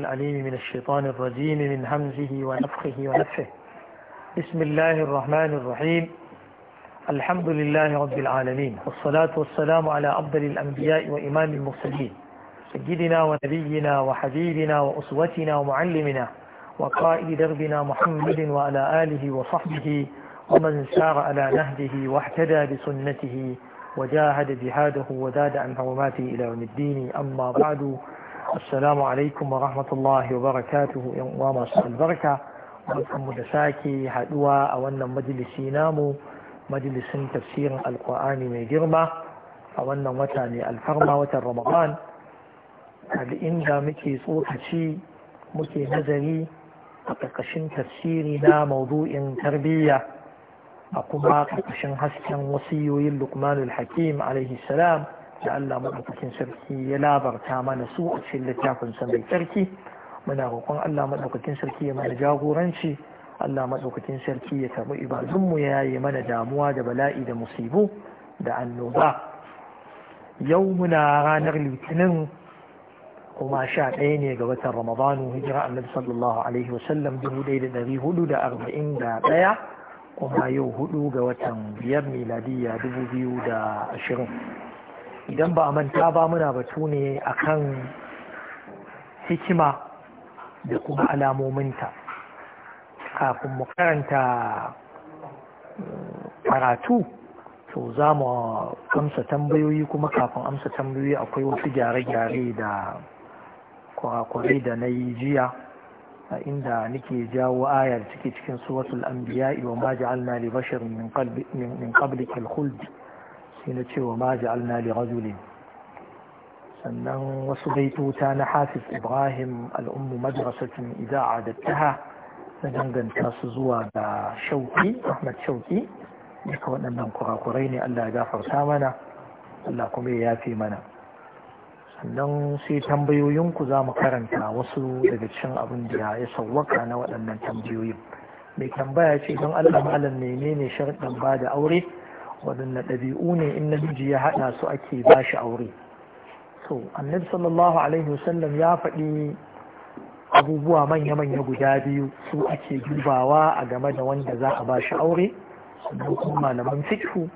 العليم من الشيطان الرجيم من همزه ونفخه ونفه بسم الله الرحمن الرحيم الحمد لله رب العالمين والصلاة والسلام على أفضل الأنبياء وإمام المرسلين سيدنا ونبينا وحبيبنا وأسوتنا ومعلمنا وقائد دربنا محمد وعلى آله وصحبه ومن سار على نهجه واحتدى بسنته وجاهد جهاده وزاد عن حرماته إلى يوم الدين أما بعد assalamu alaikum wa rahmatullahi wa barakatuhu yan uwa masu albarka mu da sake haduwa a wannan majalisi namu majalisin tafsirin alkur'ani mai girma a wannan wata ne alfarma watan ramadan in inda muke tsokaci muke nazari a ƙarƙashin tafsiri na maudu'in tarbiyya a kuma ƙarƙashin hasken wasiyoyin lukmanul hakim alaihi salam da Allah maɗaukakin sarki ya labarta mana su a cikin littafin sa mai tsarki muna roƙon Allah maɗaukakin sarki ya mana jagoranci Allah maɗaukakin sarki ya tabi ibadunmu ya yi mana damuwa da bala'i da musibu da annoba yau muna ranar litinin kuma sha ɗaya ne ga watan ramadanu hijira annabi sallallahu alaihi wasallam dubu ɗaya da ɗari hudu da arba'in da ɗaya kuma yau hudu ga watan biyar miladiyya dubu biyu da ashirin idan ba a manta ba muna batu ne kan hikima da kuma alamominta kafin mu karanta uh, karatu to za mu amsa tambayoyi kuma kafin amsa tambayoyi akwai wasu gyare-gyare da kwarakwarai da na yi jiya a inda nake jawo ayar ciki cikin suratul anbiya wa ma ja'alna li basharin min qablika khuld shi na cewa ma ja'alna li rajulin sannan wasu baituta na hafiz ibrahim al'ummu madrasatin idza dattaha na danganta su zuwa ga shauki ahmad shauki duka waɗannan kurakurai ne allah ya gafarta mana allah kuma ya yafe mana sannan sai tambayoyinku za mu karanta wasu daga cikin abin da ya sauwaka na waɗannan tambayoyin mai tambaya ce don allah malam ne sharɗin ba da aure waɗanda ɗabi'u ne in namiji ya haɗa su ake ba shi aure so annabi sallallahu alaihi wasallam ya faɗi abubuwa manya-manya guda biyu su ake dubawa a game da wanda za a ba shi aure sannan kuma malaman fikhu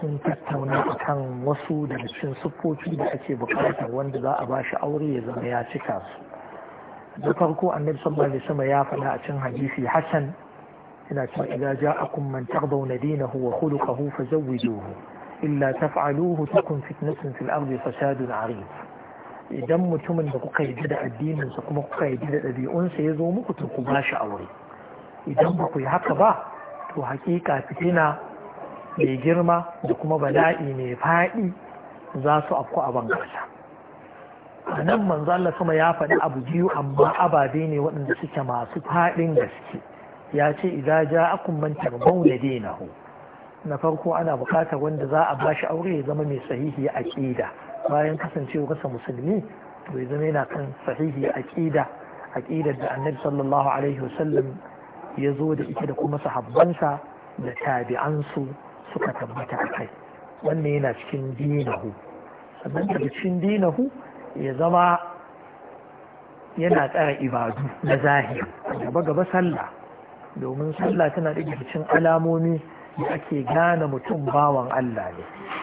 sun tattauna a kan wasu daga cikin siffofi da ake buƙatar wanda za a ba shi aure ya zama ya cika su da farko annabi sallallahu alaihi wasallam ya faɗa a cikin hadisi hasan ina cewa idza ja'akum man tardawna dinahu wa khuluquhu fazawwijuhu illa taf'aluhu takun fitnatun fil ardi fasadun 'arid idan mutumin da kuka yi da addininsa kuma kuka yi da ɗabi'unsa ya zo muku to ku bashi aure idan ba ku yi haka ba to haƙiƙa fitina mai girma da kuma bala'i mai faɗi za su afku a bangarsa a nan manzo Allah sama ya faɗi abu biyu amma ababe ne waɗanda suke masu faɗin gaske ya ce idza ja'akum man tarbawna dinahu na farko ana bukatar wanda za a bashi aure ya zama mai sahihi a aqida bayan kasancewarsa musulmi to ya zama yana kan sahihi aqida aqidar da annabi sallallahu alaihi wasallam ya zo da ita da kuma sahabbansa da tabi'ansu suka tabbata a kai wannan yana cikin dinahu sannan daga cikin dinahu ya zama yana tsara ibadu na zahiri gaba gaba sallah domin sallah tana da cikin alamomi da ake gane mutum bawan Allah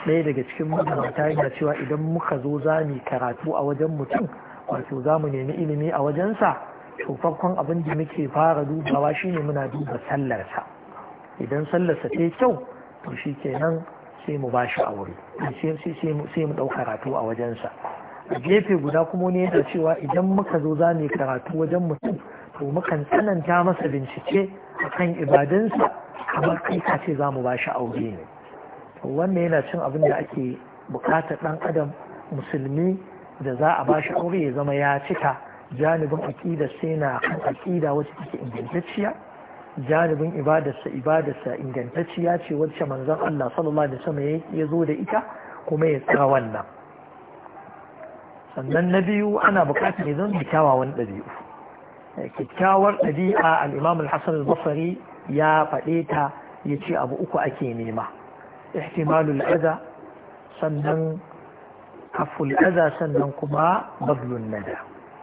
ne ɗaya daga cikin magabata yana cewa idan muka zo zami karatu a wajen mutum wato za mu nemi ilimi a wajensa to farkon abin da muke fara dubawa shine muna duba sallarsa idan sallarsa ta kyau to shi kenan sai mu bashi aure sai mu ɗau karatu a wajensa a gefe guda kuma ne yana cewa idan muka zo za karatu wajen mutum to mukan tsananta masa bincike a kan ibadansa kamar kai ka ce za mu ba shi aure ne wannan yana cin abin da ake bukatar ɗan adam musulmi da za a ba shi aure ya zama ya cika janibin aƙida sai na kan aƙida wacce take ingantacciya janibin ibadarsa ibadarsa ingantacciya ce wacce manzon Allah sallallahu alaihi wasallam ya zo da ita kuma ya tsara wannan sannan na biyu ana bukatar ya zama kyawawan ɗabi'u kyakkyawar ɗabi'a al al-hasan al-basri ya faɗe ta ya ce abu uku ake nema ihtimalul adha sannan haful adha sannan kuma bablun nada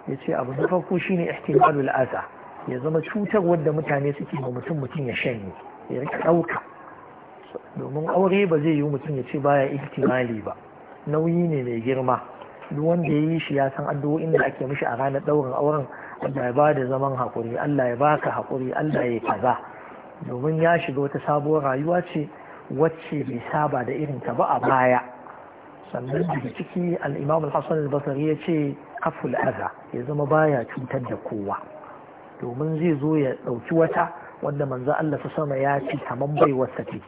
ya ce abu na farko shine ihtimalul adha ya zama cutar wadda mutane suke ma mutum mutum ya shanye ya rika ɗauka domin aure ba zai yi mutum ya ce baya ihtimali ba nauyi ne mai girma duk wanda ya yi shi ya san addu'o'in da ake mishi a ranar ɗaurin auren Allah ya da zaman haƙuri Allah ya baka haƙuri Allah ya kaza domin ya shiga wata sabuwar rayuwa ce wacce bai saba da irin ta ba a baya sannan daga ciki al-Imam al-Hasan ya ce kaful aza ya zama baya cutar da kowa domin zai zo ya ɗauki wata wanda manzo Allah su sama ya ce kaman bai wasa take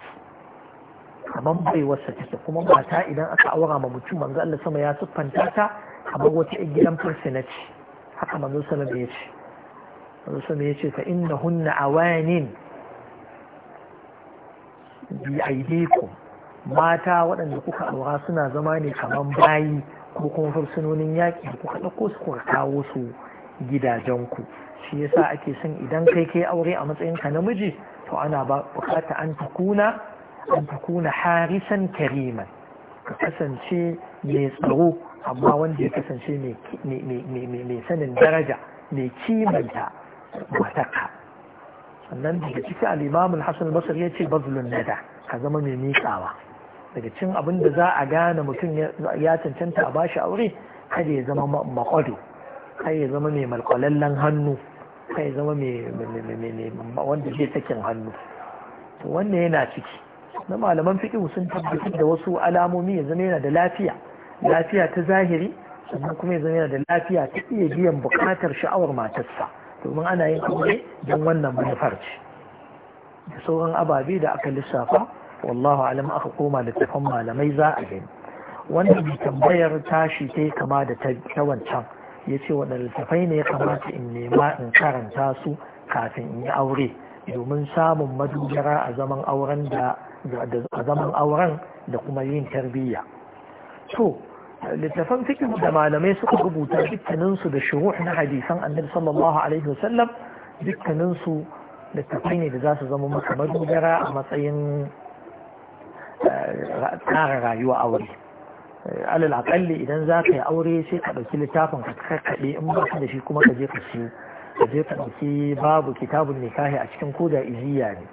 kaman bai wasa kuma mata idan aka aura ma mutum manzo Allah sama ya siffanta ta kamar wata gidan fursuna ce haka ya ce alaihi wasallam yace ya ce ta inda hunna a bi aidikum mata waɗanda kuka aura suna zama ne kamar bayi ko kuma fursunonin yaƙi da kuka ɗauko su kuka kawo su gidajenku shi yasa ake son idan kai kai aure a matsayin ka namiji to ana ba bukata an tukuna an harisan kariman ka kasance mai tsaro amma wanda ya kasance mai sanin daraja mai kimanta mataka sannan daga ciki al'imamun hassan basir ya ce bazulun nada ka zama mai miƙawa daga cin abin da za a gane mutum ya cancanta a bashi aure kada ya zama makwado kada ya zama mai malkwalallen hannu kada ya zama mai wanda zai sakin hannu wannan yana ciki na malaman fiƙi sun tabbatar da wasu alamomi ya zama yana da lafiya lafiya ta zahiri sannan kuma ya zama yana da lafiya ta iya biyan buƙatar sha'awar matarsa domin ana yin aure don wannan manufar ce da sauran ababe da aka lissafa wallahu alam aka koma tafan malamai za a gani wannan mai tambayar tashi ta kama da ta wancan ya ce waɗanda littafai ne ya kamata in nema in karanta su kafin in yi aure domin samun madogara a zaman auren da a zaman auren da kuma yin tarbiyya to littafan fikin da malamai suka rubuta dukkaninsu da shiru na hadisan annabi sallallahu alaihi wasallam dukkaninsu littafai ne da za su zama maka madogara a matsayin eh, tsara rayuwa aure eh, alal akalli idan za ka yi aure sai ka ɗauki littafin ka karkaɗe in ba ka da shi kuma ka je ka siyo ka je ka ɗauki babu kitabun nikahi a cikin koda iziya ne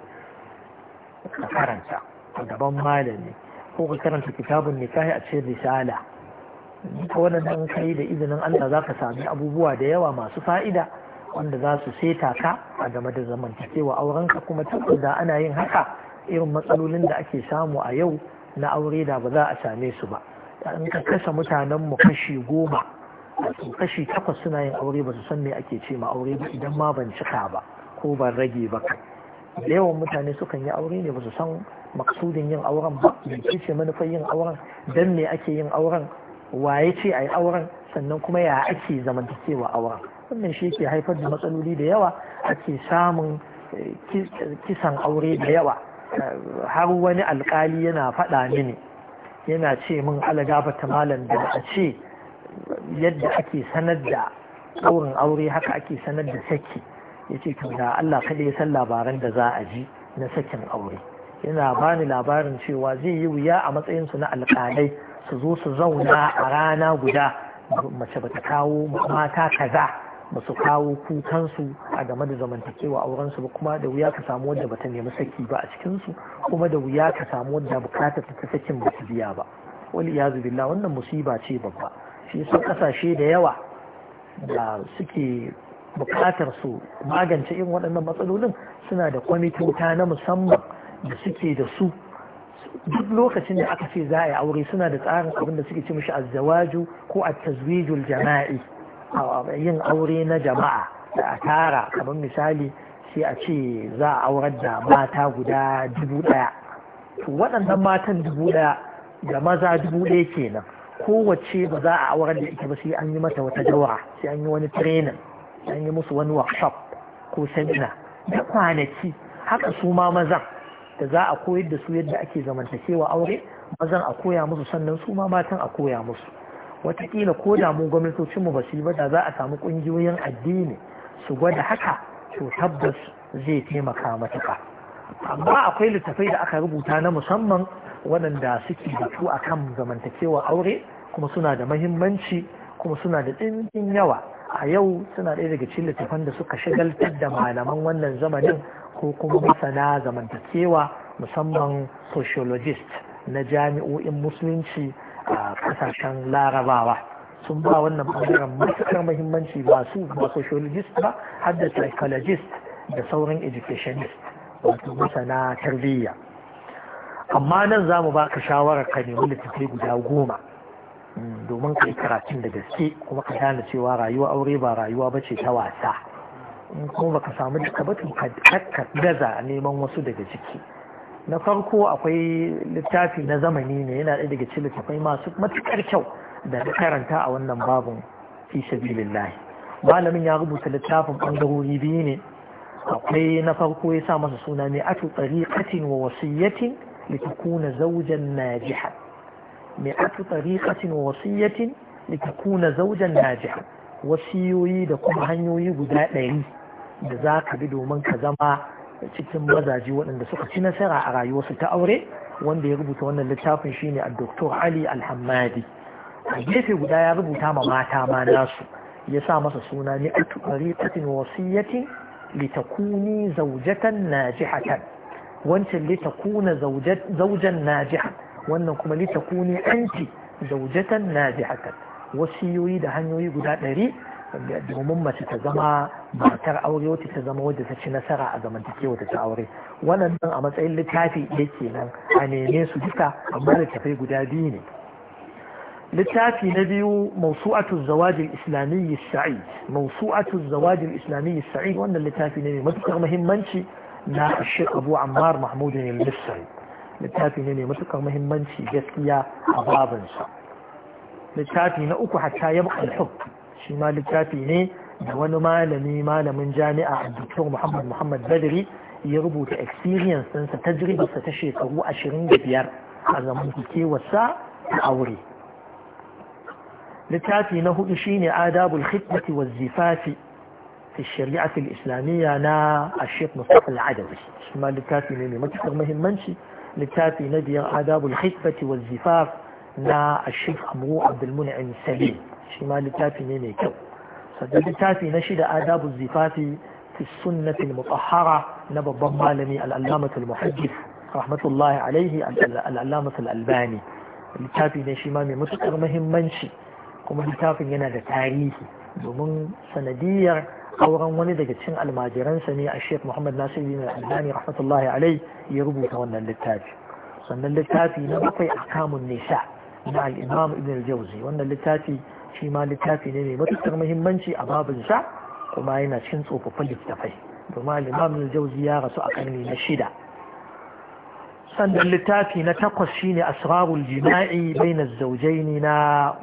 ka karanta a gaban malami ko ka karanta kitabun kai a cikin risala wannan waɗannan kai da izinin Allah za ka sami abubuwa da yawa masu fa'ida wanda za su seta ka a game da zamantakewa ka kuma tabbas da ana yin haka irin matsalolin da ake samu a yau na aure da ba za a same su ba in ka kasa mutanen mu kashi goma kashi takwas suna yin aure ba su san me ake ce ma aure ba idan ma ban cika ba ko ban rage ba da yawan mutane sukan yi aure ne ba su san maksudin yin auren ba da ce manufar yin auren don me ake yin auren waye ce a yi auren sannan kuma ya ake zamantakewa auren wannan shi ke haifar da matsaloli da yawa ke samun eh, kisan aure da yawa har wani alkali yana faɗa mini yana ce min alagafata malam da a ce yadda ake sanar da auren aure haka ake sanar da saki ya ce to da Allah kada ya san labaran da za a ji na sakin aure yana bani labarin cewa zai yi wuya a matsayin su na alƙalai su zo su zauna a rana guda mace bata kawo mata kaza ba su kawo kukansu a game da zamantakewa aurensu ba kuma da wuya ka samu wanda bata nemi saki ba a cikinsu kuma da wuya ka samu wanda bukatar ta sakin ba su biya ba wani iyazu billah wannan musiba ce babba shi sun kasashe da yawa da suke bukatar su magance irin waɗannan matsalolin suna da kwamitota na musamman da suke da su duk lokacin da aka ce za a yi aure suna da tsarin abin da suke ce mishi azzawaju ko a tazwijul jama'i a yin aure na jama'a da a tara kamar misali sai a ce za a aurar da mata guda dubu ɗaya waɗannan matan dubu ɗaya da maza dubu ɗaya kenan kowace ba za a aurar da ita ba sai an yi mata wata jawara sai an yi wani training an yi musu wani workshop ko seminar da kwanaki haka su ma mazan da za a koyar da su yadda ake zamantakewa aure mazan a koya musu sannan su ma matan a koya musu watakila ko da mu gwamnatocinmu ba su yi ba da za a samu ƙungiyoyin addini su gwada haka to tabbas zai taimaka matuƙa amma akwai littafai da aka rubuta na musamman waɗanda suke batu akan zamantakewa aure kuma suna da mahimmanci kuma suna da tsinkin yawa a yau suna ɗaya daga cikin littafan da suka shagaltar da malaman wannan zamanin ko kuma masana zamantakewa musamman sociologist na jami'o'in musulunci a kasashen larabawa sun ba wannan ɓangaren matuƙar muhimmanci ba su ba sociologist ba har da psychologist da sauran educationist wato masana tarbiyya amma nan za mu ba ka shawarar ka nemi littattafai guda goma domin ka yi karatun da gaske kuma ka gane cewa rayuwa aure ba rayuwa ba ce ta wasa kuma baka samu duka ba ka gaza neman wasu daga ciki na farko akwai littafi na zamani ne yana ɗaya daga cikin littafai masu matuƙar kyau da karanta a wannan babin fi malamin ya rubuta littafin ɓangarori biyu ne akwai na farko ya sa masa suna mai atu katin wa wasiyyatin na zaujan na jiha. mi'atu tariqatin wasiyatin litakuna zawjan najiha wasiyoyi da kuma hanyoyi guda ɗari da za ka bi domin ka zama cikin mazaji waɗanda suka ci nasara a rayuwarsu ta aure wanda ya rubuta wannan littafin shine a doktor ali alhammadi a gefe guda ya rubuta ma mata ma nasu ya sa masa suna ni a tariƙatin wasiyyatin litakuni zaujatan najihatan wancan litakuna zaujan najiha wannan kuma litakuni anti zaujatan nazi'atan wasiyoyi da hanyoyi guda ɗari domin mace ta zama matar aure wata ta zama wadda ta ci nasara a zamantakewa ta aure wannan a matsayin littafi ɗaya kenan a neme su duka amma littafai guda biyu ne littafi na biyu mawsu'atu zawajil islamiyyi sa'id mawsu'atu zawajil islamiyyi wannan littafi ne mai matukar muhimmanci na Sheikh Abu Ammar mahmudu ne misri littafi ne mai matukar muhimmanci gaskiya a babinsa littafi na uku hatta ya bukalhub shi ma littafi ne da wani malami malamin jami'a a doktor muhammad muhammad badri ya rubuta experience ɗinsa tajribarsa ta shekaru ashirin da biyar a zamantakewarsa a aure littafi na hudu shine adabul khidmati wa zifafi في الشريعة الإسلامية نا الشيخ مصطفى العدوي ما اللي كاتب لي ما تفهم مهم منشي لتافي نبي عذاب ا والزفاف نا الشيخ أ عبد المنعم سليم شمال لتافي نيميكو لتافي نشد عذاب الزفاف في السنة المطهرة نبى الضمالمي ا ل ع ل الله عليه ا الألباني ع ل ا م ة ا منشي ومن لتافي ينادى تاريخي ومن سندير auren wani daga cikin almajiransa ne a Sheikh Muhammad Nasir bin Albani rahmatullahi alai ya rubuta wannan littafi sannan littafi na bakwai kamun nisa na al-Imam Ibn al-Jawzi wannan littafi shi ma littafi ne mai matukar muhimmanci a babin sa kuma yana cikin tsofaffin littafai domin al-Imam Ibn al-Jawzi ya rasu a karni na shida sannan littafi na takwas shine asrarul jima'i bainar zawjaini na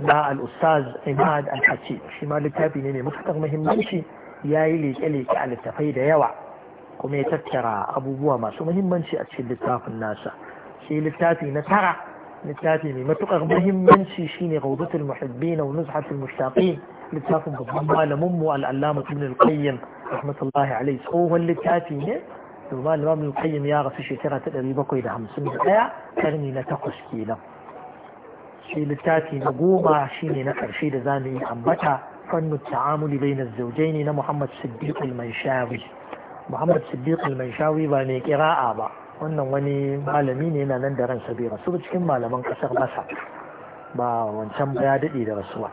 na al'ustaz imad al hachi shi ma littafi ne mai matuƙar muhimmanci ya yi leke-leke a littafai da yawa kuma ya tattara abubuwa masu muhimmanci a cikin littafin nasa shi littafi na tara littafi mai matuƙar muhimmanci shine rawdatul muhibbin wa nuzhatul mushtaqin littafin babban malamin mu al ibn al-qayyim rahmatullahi alayhi tsohon littafi ne domin al-imam al-qayyim ya rasu shekara ta 751 karni na takwas kenan shi littafi na goma shine na ƙarshe da za mu yi ambata fannu ta'amuli bai na zaujai ne na muhammad siddiq al-manshawi muhammad siddiq al-manshawi ba mai kira'a ba wannan wani malami ne yana nan da ransa bai rasu cikin malaman ƙasar masa ba wancan ba ya daɗe da rasuwa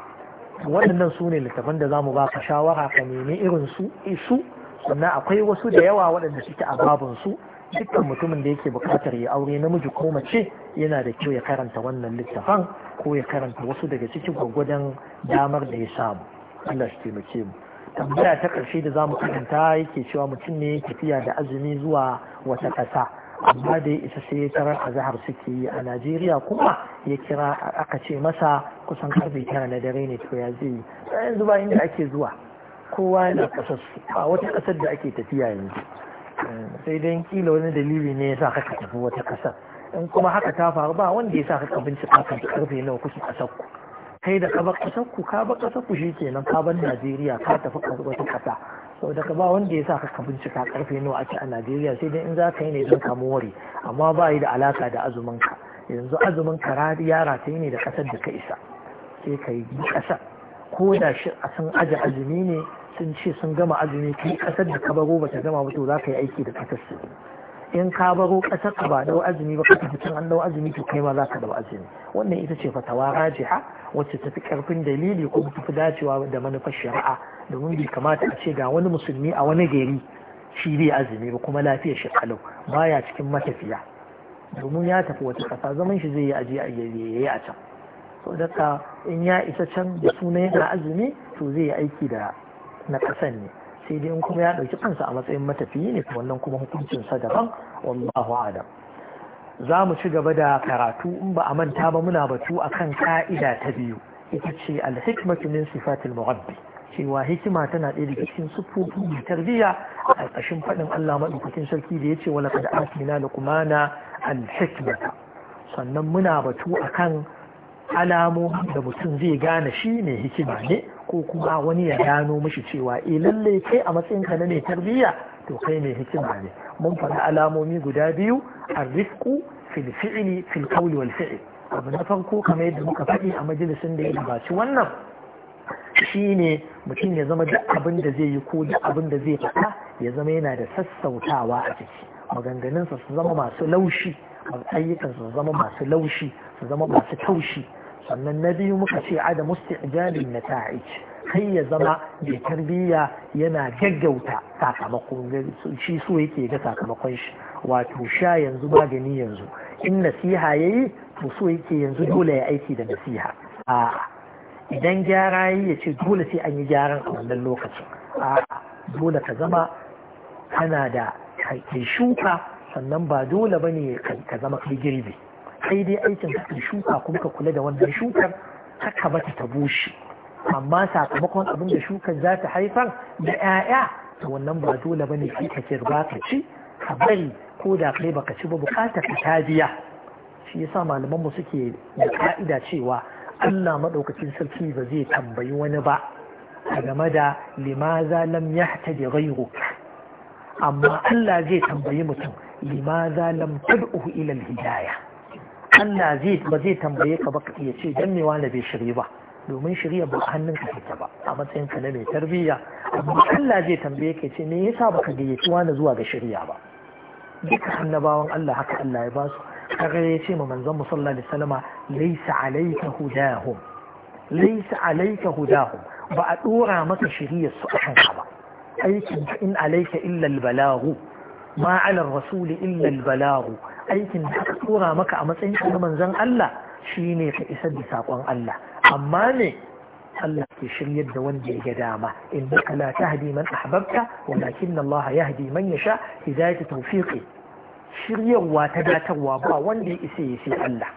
waɗannan su ne littafan da za mu ka shawara ka nemi irin su isu sannan akwai wasu da yawa waɗanda suke a babinsu dukkan mutumin da yake buƙatar ya aure namiji ko mace yana da kyau ya karanta wannan littafan ko ya karanta wasu daga cikin gwagwadon damar da ya samu Allah shi taimake mu tambaya ta ƙarshe da zamu karanta yake cewa mutum ne tafiya da azumi zuwa wata ƙasa amma da ya isa sai ya tarar a zahar suke yi a Najeriya kuma ya kira aka ce masa kusan karfe tara na dare ne to ya zai yi yanzu ba inda ake zuwa kowa yana kasar su a wata kasar da ake tafiya yanzu eh, sai dai kila wani dalili ne ya sa ka tafi wata kasar in kuma haka ta faru ba wanda ya sa ka bincika kan karfe nawa kusa kasar ku kai da ka bar kasar ku ka bar kasar ku shikenan ka bar Najeriya ka tafi wata kasa saboda ka ba wanda ya sa ka bincika karfe nawa ake a Najeriya sai dai in za ka yi ne don ka more amma ba yi da alaka da azumin ka yanzu azumin ka yara ta ne da kasar da ka isa sai ka yi kasar ko da shi a sun aji azumi ne sun ce sun gama azumi kai kasar da ka baro ba ta gama ba to za ka yi aiki da kasar su in ka baro kasar ka ba dau azumi ba ka tafi an dau azumi to kai ma za ka dau azumi wannan ita ce fatawa rajiha wacce tafi karfin dalili ko tafi dacewa da manufar shari'a domin bai kamata a ce ga wani musulmi a wani gari shi bai azumi ba kuma lafiyar shi kalau baya cikin matafiya domin ya tafi wata kasa zaman shi zai yi aji a ya yi a can so daga in ya isa can da suna yana azumi to zai yi aiki da na kasan ne sai dai in kuma ya ɗauki kansa a matsayin matafiyi ne wannan kuma hukuncinsa daban wallahu adam za mu ci gaba da karatu in ba a manta ba muna batu akan ka'ida ta biyu ita ce alhikmatu min sifatil muhabbi cewa hikima tana ɗaya daga cikin sufufu mai tarbiyya a ƙarƙashin faɗin Allah maɗaukakin sarki da ya ce wala kada atina luqmana alhikmata sannan muna batu akan alamomi da mutum zai gane shi ne hikima ne ko kuma wani ya gano mashi cewa e lalle kai a matsayinka na mai tarbiyya to kai mai hikima ne mun faɗi alamomi guda biyu arrisku fil fi'li fil wal fi'l abu na farko kamar yadda muka faɗi a majalisin da ya gabaci wannan Shi ne mutum ya zama duk abin da zai yi ko duk abin da zai faɗa ya zama yana da sassautawa a ciki maganganunsa su zama masu laushi ayyukan su zama masu laushi su zama masu taushi sannan na biyu muka ce ada na nata'ij kai ya zama mai tarbiyya yana gaggauta sakamakon shi so yake ga sakamakon shi wato sha yanzu magani yanzu in nasiha yayi to so yake yanzu dole ya aiki da nasiha a idan gyara yi ya ce dole sai an yi gyaran a wannan lokacin a dole ka zama kana da kai shuka sannan ba dole bane ka zama kai girbi sai dai aikin ka shuka kuma ka kula da wannan shukar haka bata ta bushe amma sakamakon abin da shukar za ta haifar da 'ya'ya to wannan ba dole bane kai ka kirba ka ci ka bari ko da kai baka ci ba bukatar ka ta biya shi yasa malaman mu suke da ka'ida cewa Allah madaukakin sarki ba zai tambayi wani ba game da limaza lam yahtaji ghayruk amma Allah zai tambayi mutum limaza lam tad'uhu ila al hidaya Allah zai ba zai tambaye ka ba ya ce dan me wani bai shirya ba domin shirya ba hannun ka take ba a matsayin ka na mai tarbiyya amma Allah zai tambaye ka ce me yasa baka gayyaci wani zuwa ga shirya ba duka annabawan Allah haka Allah ya ba su kaga ya ce ma manzon mu da alaihi laysa alayka hudahum laysa alayka hudahum ba a dora maka shiriyar su a kanka ba aikin in alaika illa albalagu ma ala rasuli illa albalagu aikin da aka tura maka a matsayin ka manzon Allah shine ka isar da sakon Allah amma ne Allah ke shiryar da wanda ya ga dama innaka la tahdi man ahbabta walakin Allah yahdi man yasha hidayatu tawfiqi shiryarwa ta datarwa ba wanda ya isa ya sai Allah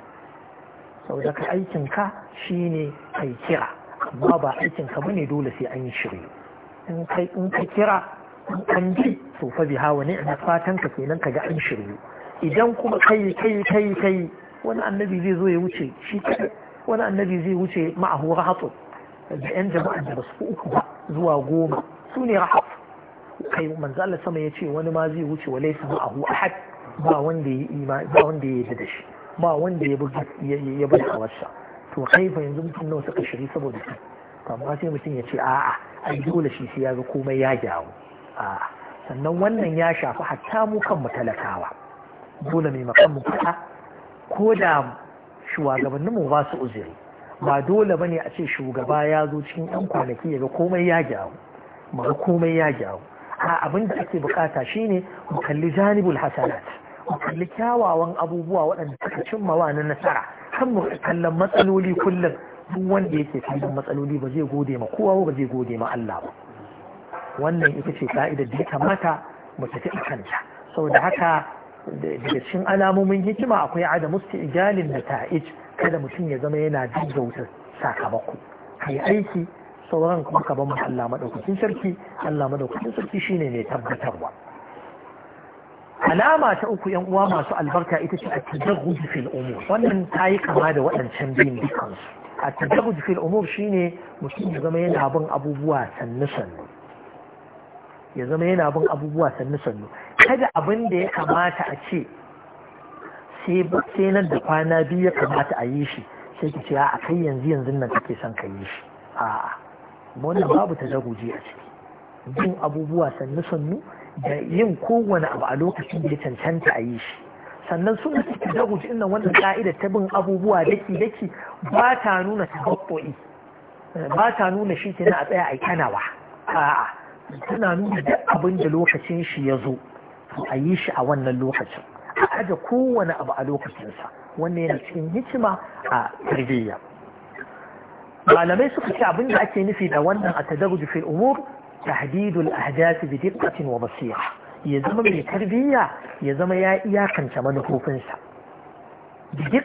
sau aikin ka aikinka shine kai kira amma ba aikinka bane dole sai an yi shiri. in ka kira in kan bi to fa biha wa ni'ma fatan ka kenan ka ga an shirye idan kuma kai kai kai kai wani annabi zai zo ya wuce shi kai wani annabi zai wuce hura hatsu da yan jama'a da basu uku ba zuwa goma su ne rahaf kai manzo Allah sama yace wani ma zai wuce su a hu ahad ba wanda ya imani ba wanda ya yarda da shi ba wanda ya bi ya bi to kai fa yanzu mutum nawa suka shiri saboda kai amma sai mutum ya ce a'a ai dole shi sai ya ga komai ya gyaru a'a sannan wannan ya shafi hatta mu kanmu talakawa dole mai makan mu fita ko da shugabannin mu ba su uzuri ba dole bane a ce shugaba ya zo cikin yan kwanaki ya ga komai ya gyaru mu ga komai ya gyaru a abin da ake bukata shine mu kalli janibul hasanat mu kalli kyawawan abubuwa waɗanda suka cimma wa na nasara kan mu kallon matsaloli kullum duk wanda yake filin matsaloli ba zai gode ma kowa ba zai gode ma Allah ba wannan ita ce ka'idar da ya kamata mu tafi a kanta saboda haka daga cikin alamomin hikima akwai adamu ijalin da ta'ij kada mutum ya zama yana gaggauta sakamako kai aiki sauran kuma ka bamu Allah madaukakin sarki Allah madaukakin sarki shine mai tabbatarwa alama ta uku yan uwa masu albarka ita ce a tajarruji fil umur wannan tayi kama da waɗancan biyun dukansu a tadarruj fil umur shine mutum ya zama yana bin abubuwa sannu sannu ya zama yana bin abubuwa sannu sannu kada abin da ya kamata a ce sai nan da kwana biyu ya kamata a yi shi sai ki ce a kai yanzu yanzu nan kake son ka yi shi a wannan babu ta zaguji a ciki bin abubuwa sannu sannu da yin kowane abu a lokacin da ya cancanta a yi shi sannan suna cikin daruj inda wannan ka'idar ta bin abubuwa daki daki ba ta nuna tababboi ba ta nuna shi kenan a tsaya a kanawa a'a tana nuna duk abin da lokacin shi ya zo a yi shi a wannan lokacin a aje kowane abu a lokacinsa wannan yana cikin hikima a tarbiyya malamai suka ce abin da ake nufi da wannan a tadarruj fil umur tahdidul ahdath bi diqqatin wa basira ya zama mai tarbiyya ya zama ya iyakance manufofinsa da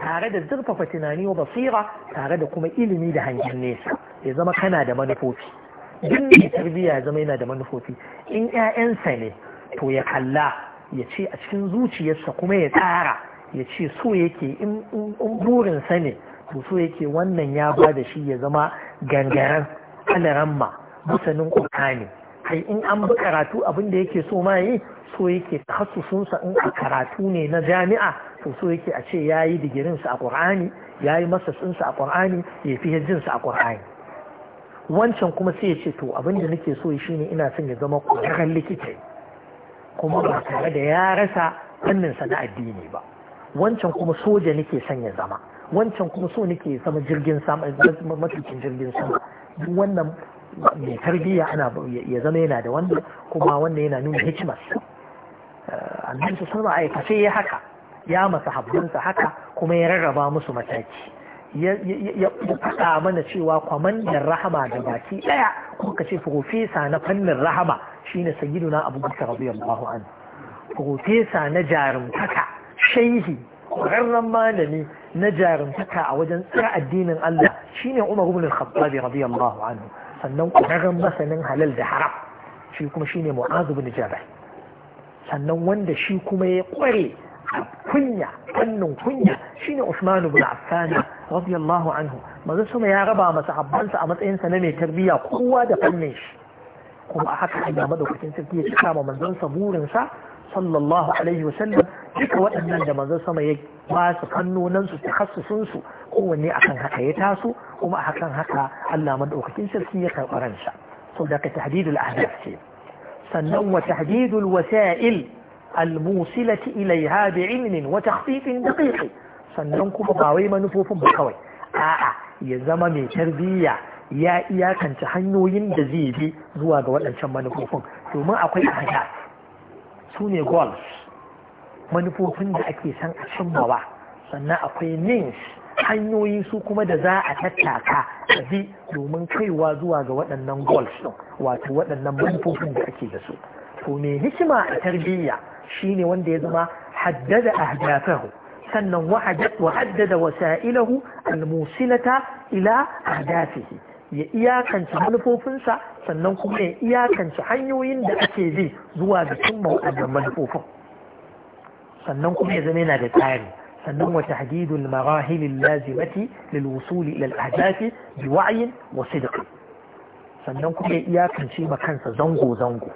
tare da zurfafa tunani wa basira tare da kuma ilimi da hangen nesa ya zama kana da manufofi duk mai tarbiyya ya zama yana da manufofi in ƴaƴansa ne to ya kalla ya ce a cikin zuciyarsa kuma ya tsara ya ce so yake in burinsa ne to so yake wannan ya ba da shi ya zama gangaren alaramma musanin ƙur'ani kai in an bi karatu abin da yake so ma yi so yake tasusunsa in a karatu ne na jami'a to so yake a ce ya yi digirinsa a ƙur'ani ya yi masa masasinsa a ƙur'ani ya fi hajjinsa a ƙur'ani wancan kuma sai ya ce to abin da nake so shi ne ina son ya zama ƙwararren likita kuma ba tare da ya rasa fanninsa na addini ba wancan kuma soja nake son ya zama wancan kuma so nake zama jirgin sama jirgin sama duk wannan mai tarbiyya ana ya zama yana da wanda kuma wanda yana nuna hikimar eh, annabi su sama aikace ya haka ya masa habbansa haka kuma ya rarraba musu mataki ya faɗa mana cewa kwamandan rahama da baki ɗaya kuma ce profesa na fannin rahama shine sayyiduna abubakar radiyallahu anhu profesa na jarumtaka shaihi ƙwararren malami na jarumtaka a wajen tsira addinin Allah shine Umar ibn al-Khattab radiyallahu anhu sannan ƙwararren masanin halal da haram shi kuma shine mu'azu bin jabal sannan wanda shi kuma ya ƙware a kunya fannin kunya shine Usman bin Affan radiyallahu anhu manzo sama ya raba masa habbansa a matsayin sa na mai tarbiyya kowa da fannin shi kuma a haka Allah madaukakin sarki ya cika ma manzon sa burin sa sallallahu alaihi wasallam duka waɗannan da manzon sama ya ba su fannonansu takassusunsu kowanne akan haka ya taso kuma kan haka Allah madaukakin sarki ya karɓi ransa sau da tahdidul ahdaf ce sannan wa tahdidul wasa'il الموصلة ilmin بعلم وتخطيط دقيق sannan kuma ba wai manufofin ba kawai a'a ya zama mai tarbiyya ya iyakance hanyoyin da zai bi zuwa ga waɗancan manufofin domin akwai ahda su ne goals manufofin da ake san a cimmawa sannan akwai means hanyoyi su kuma da za a tattaka a bi domin kaiwa zuwa ga waɗannan goals ɗin wato waɗannan manufofin da ake da su to me hikima a tarbiyya shine wanda ya zama haddada ahdafahu sannan wa haddada wasa'ilahu almusilata ila ahdafihi ya iyakance manufofinsa sannan kuma ya iyakance hanyoyin da ake bi zuwa ga cimma waɗannan manufofin sannan kuma ya zama yana da tsari sannan wa tahdidul marahil lazimati lil wusul ila al ahdafi bi wa'yin wa sidq sannan kuma ya iyakance ma kansa zango zango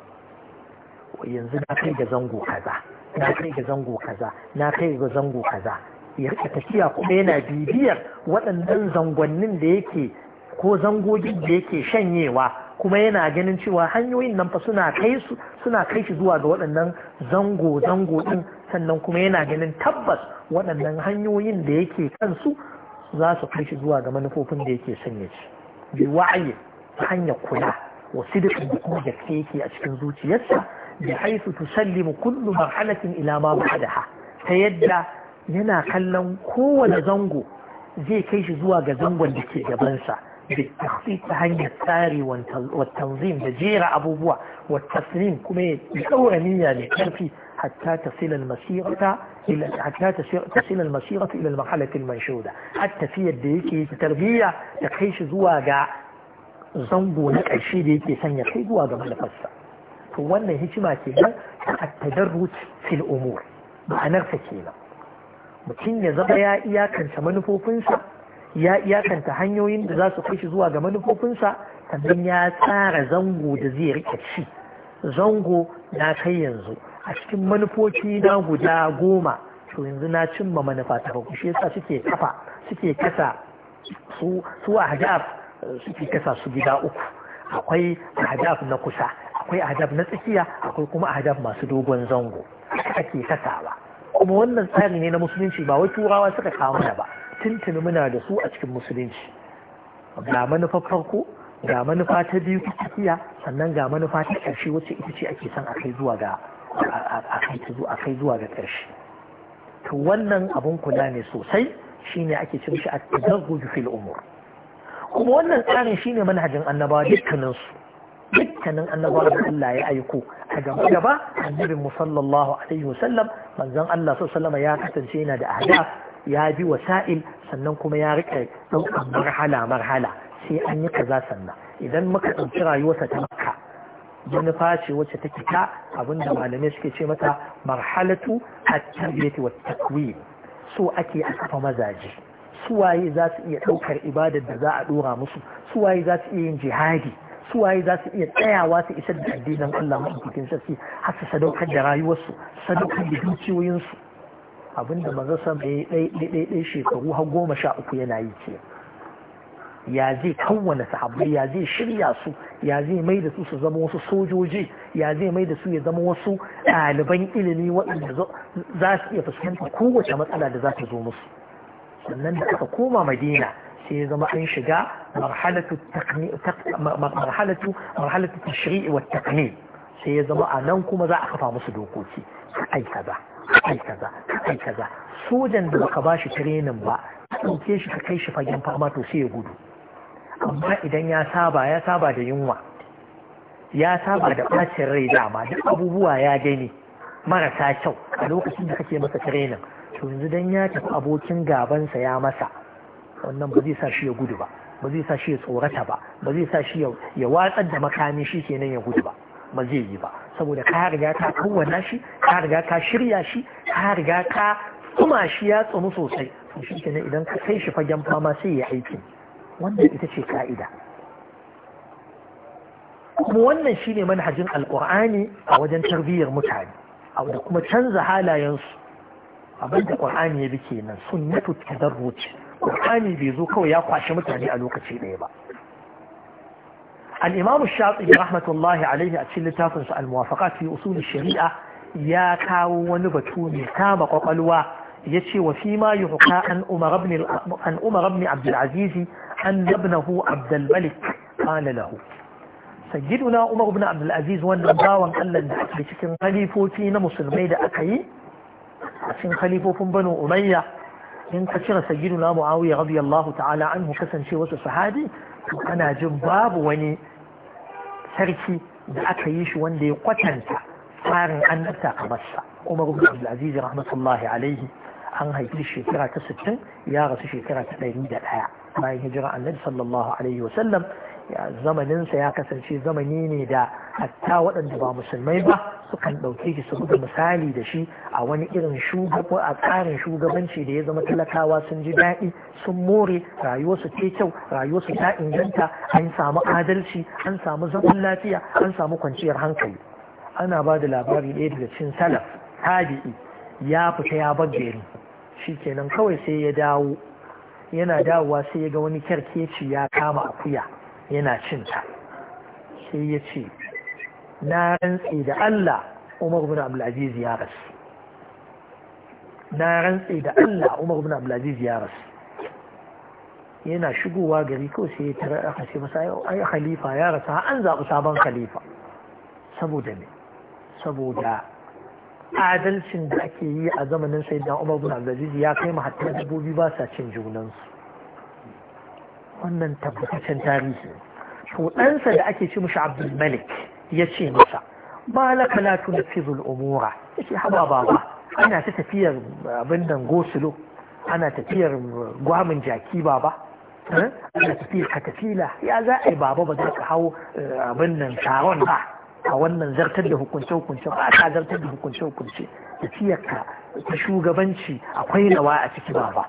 yanzu na kai ga zango kaza na kai ga zango kaza na kai ga zango kaza ya tafiya kuma yana bibiyar waɗannan zangonnin da yake ko zangogin da yake shanyewa kuma yana ganin cewa hanyoyin nan fa suna kai su suna kai shi zuwa ga waɗannan zango zango din sannan kuma yana ganin tabbas waɗannan hanyoyin da yake kansu za su kai shi zuwa ga manufofin da yake sanya shi bi wa'ayi hanyar kula wa sidqin da kuma gaske yake a cikin zuciyarsa bi haisu tusallimu kullu marhalatin ila ma ba'daha ta yadda yana kallon kowane zango zai kai shi zuwa ga zangon da ke gabansa بالتخطيط تهاني الثاري والتنظيم بجيرة أبو بوع والتسليم كميت بأورة مية حتى تصل المسيرة إلى حتى تصل المسيرة إلى المرحلة المنشودة حتى في الديك تربية تخيش زواج زنبو لك الشيء ديك سنة في زواج من لفسا فوانا هيش ما كنا التدرج في الأمور معنى فكينا متين يزبيا إياك أن تمنفو فنسا ya iyakanta hanyoyin da za su kai shi zuwa ga manufofinsa sannan ya tsara zango da zai rike ci zango na kai yanzu a cikin manufofi na guda goma to yanzu na cimma manufa ta farko shi yasa suke kafa suke kasa su su ahdaf suke kasa su gida uku akwai ahdaf na kusa akwai ahdaf na tsakiya akwai kuma ahdaf masu dogon zango ake kasawa kuma wannan tsari ne na musulunci ba wai turawa suka kawo mana ba tuntuni muna da su a cikin musulunci ga manufa farko ga manufa ta biyu tafiya, sannan ga manufa ta ƙarshe wacce ita ce ake son a kai zuwa ga a kai zuwa ga ƙarshe to wannan abun kula ne sosai shine ake cin shi a tadarruj fil umur kuma wannan tsarin shine manhajin annabawa dukkanin su dukkanin annabawa da Allah ya aiko a gaba gaba annabin mu sallallahu alaihi wasallam manzon Allah sallallahu ya kasance yana da ahda ya bi wasa'il sannan kuma ya rika ɗaukan marhala marhala sai an yi kaza sannan idan muka ɗauki rayuwarsa ta makka manufa ce wacce take ta abinda malamai suke ce mata marhalatu at-tarbiyati wat takwin so ake a kafa mazaje suwaye za su iya ɗaukar ibadar da za a ɗora musu suwaye za su iya yin jihadi suwaye za su iya tsayawa su isar da addinin Allah maɗaukakin sarki har su sadaukar da rayuwarsu sadaukar da dukiyoyinsu abinda da sama ya yi ɗaiɗaiɗai shekaru har goma sha uku yana yi ce. ya zai kawwana sahabbai ya zai shirya su ya zai mai da su su zama wasu sojoji ya zai mai da su ya zama wasu ɗaliban ilimi waɗanda za su iya fuskantar kowace matsala da za ta zo musu sannan da aka koma madina sai ya zama an shiga marhalatu marhalatu marhalatu tashri'i wa sai ya zama a nan kuma za a kafa musu dokoki ai kaza ai kaza ai kaza sojan da baka ba shi training ba ka ɗauke shi ka kai shi fagen fama to sai ya gudu amma idan ya saba ya saba da yunwa ya saba da ɓacin rai dama duk abubuwa ya gani marasa kyau a lokacin da kake masa tirenin. to yanzu dan ya tafi abokin gabansa ya masa wannan ba zai sa shi ya gudu ba ba zai sa shi ya tsorata ba ba zai sa shi ya watsar da makami shi kenan ya gudu ba ba zai yi ba saboda ka riga ka kowanne shi ka riga ka shirya shi ka riga ka kuma shi ya tsamu sosai to shi kenan idan ka kai shi fagen fama sai ya aiki wannan ita ce ka'ida kuma wannan shine manhajin alkur'ani a wajen tarbiyyar mutane da kuma canza halayensu abin da ƙur'ani ya bi kenan sunnatu tadarruj ƙur'ani bai zo kawai ya kwashi mutane a lokaci ɗaya ba الإمام الشاطبي رحمة الله عليه أتشل تافنس الموافقات في أصول الشريعة يا كاو ونبتوني كام قلوا يشي وفيما يحكى أن أمر بن أن أمر بن عبد العزيز أن ابنه عبد الملك قال له سيدنا أمر بن عبد العزيز ونباوا قال لنا بشكل خليفوتين مسلمين أكي عشان خليفوكم بنو أمية in ka cire sayyiduna muawiya radiyallahu ta'ala anhu kasance wasu sahabi to ana jin babu wani sarki da aka yi shi wanda ya kwatanta tsarin annabta kamar sa Umar ibn Abdul Aziz rahmatullahi alaihi an haifi shekara ta 60 ya rasu shekara ta 101 bayan hijira annabi sallallahu alaihi wa sallam zamaninsa ya kasance zamani ne da hatta waɗanda ba musulmai ba sukan ɗauke shi su buga misali da shi a wani irin shugaba a tsarin shugabanci da ya zama talakawa sun ji daɗi sun more rayuwarsu ce kyau rayuwarsu ta inganta an samu adalci an samu zaman lafiya an samu kwanciyar hankali ana ba da labari ɗaya daga cin salaf tabi'i ya fita ya bar gari kenan kawai sai ya dawo yana dawowa sai ya ga wani kyarkeci ya kama akuya yana cinta sai ya ce na rantse da Allah Umar bin Aziz ya rasu na rantsi da Allah Umar bin Aziz ya rasu yana shigowa gari ko sai ya tara aka ce masa ai khalifa ya rasu an zaɓi sabon khalifa saboda ne saboda adalcin da ake yi a zamanin sayyidina Umar bin Aziz ya kai mu hatta ba sa cin junansu wannan tabbataccen tarihi to ɗansa da ake ce mishi abdul malik ya ce masa ba la la tunfizu al-umura yace haba baba ana ta tafiyar abin nan gosulo ana tafiyar gwamin jaki baba eh? ana tafiyar katafila ya za a baba ba za ka hau eh, abin nan taron ba a wannan zartar da hukunce-hukunce ba ka zartar da hukunce-hukunce tafiyar ka ta shugabanci akwai rawa a ciki baba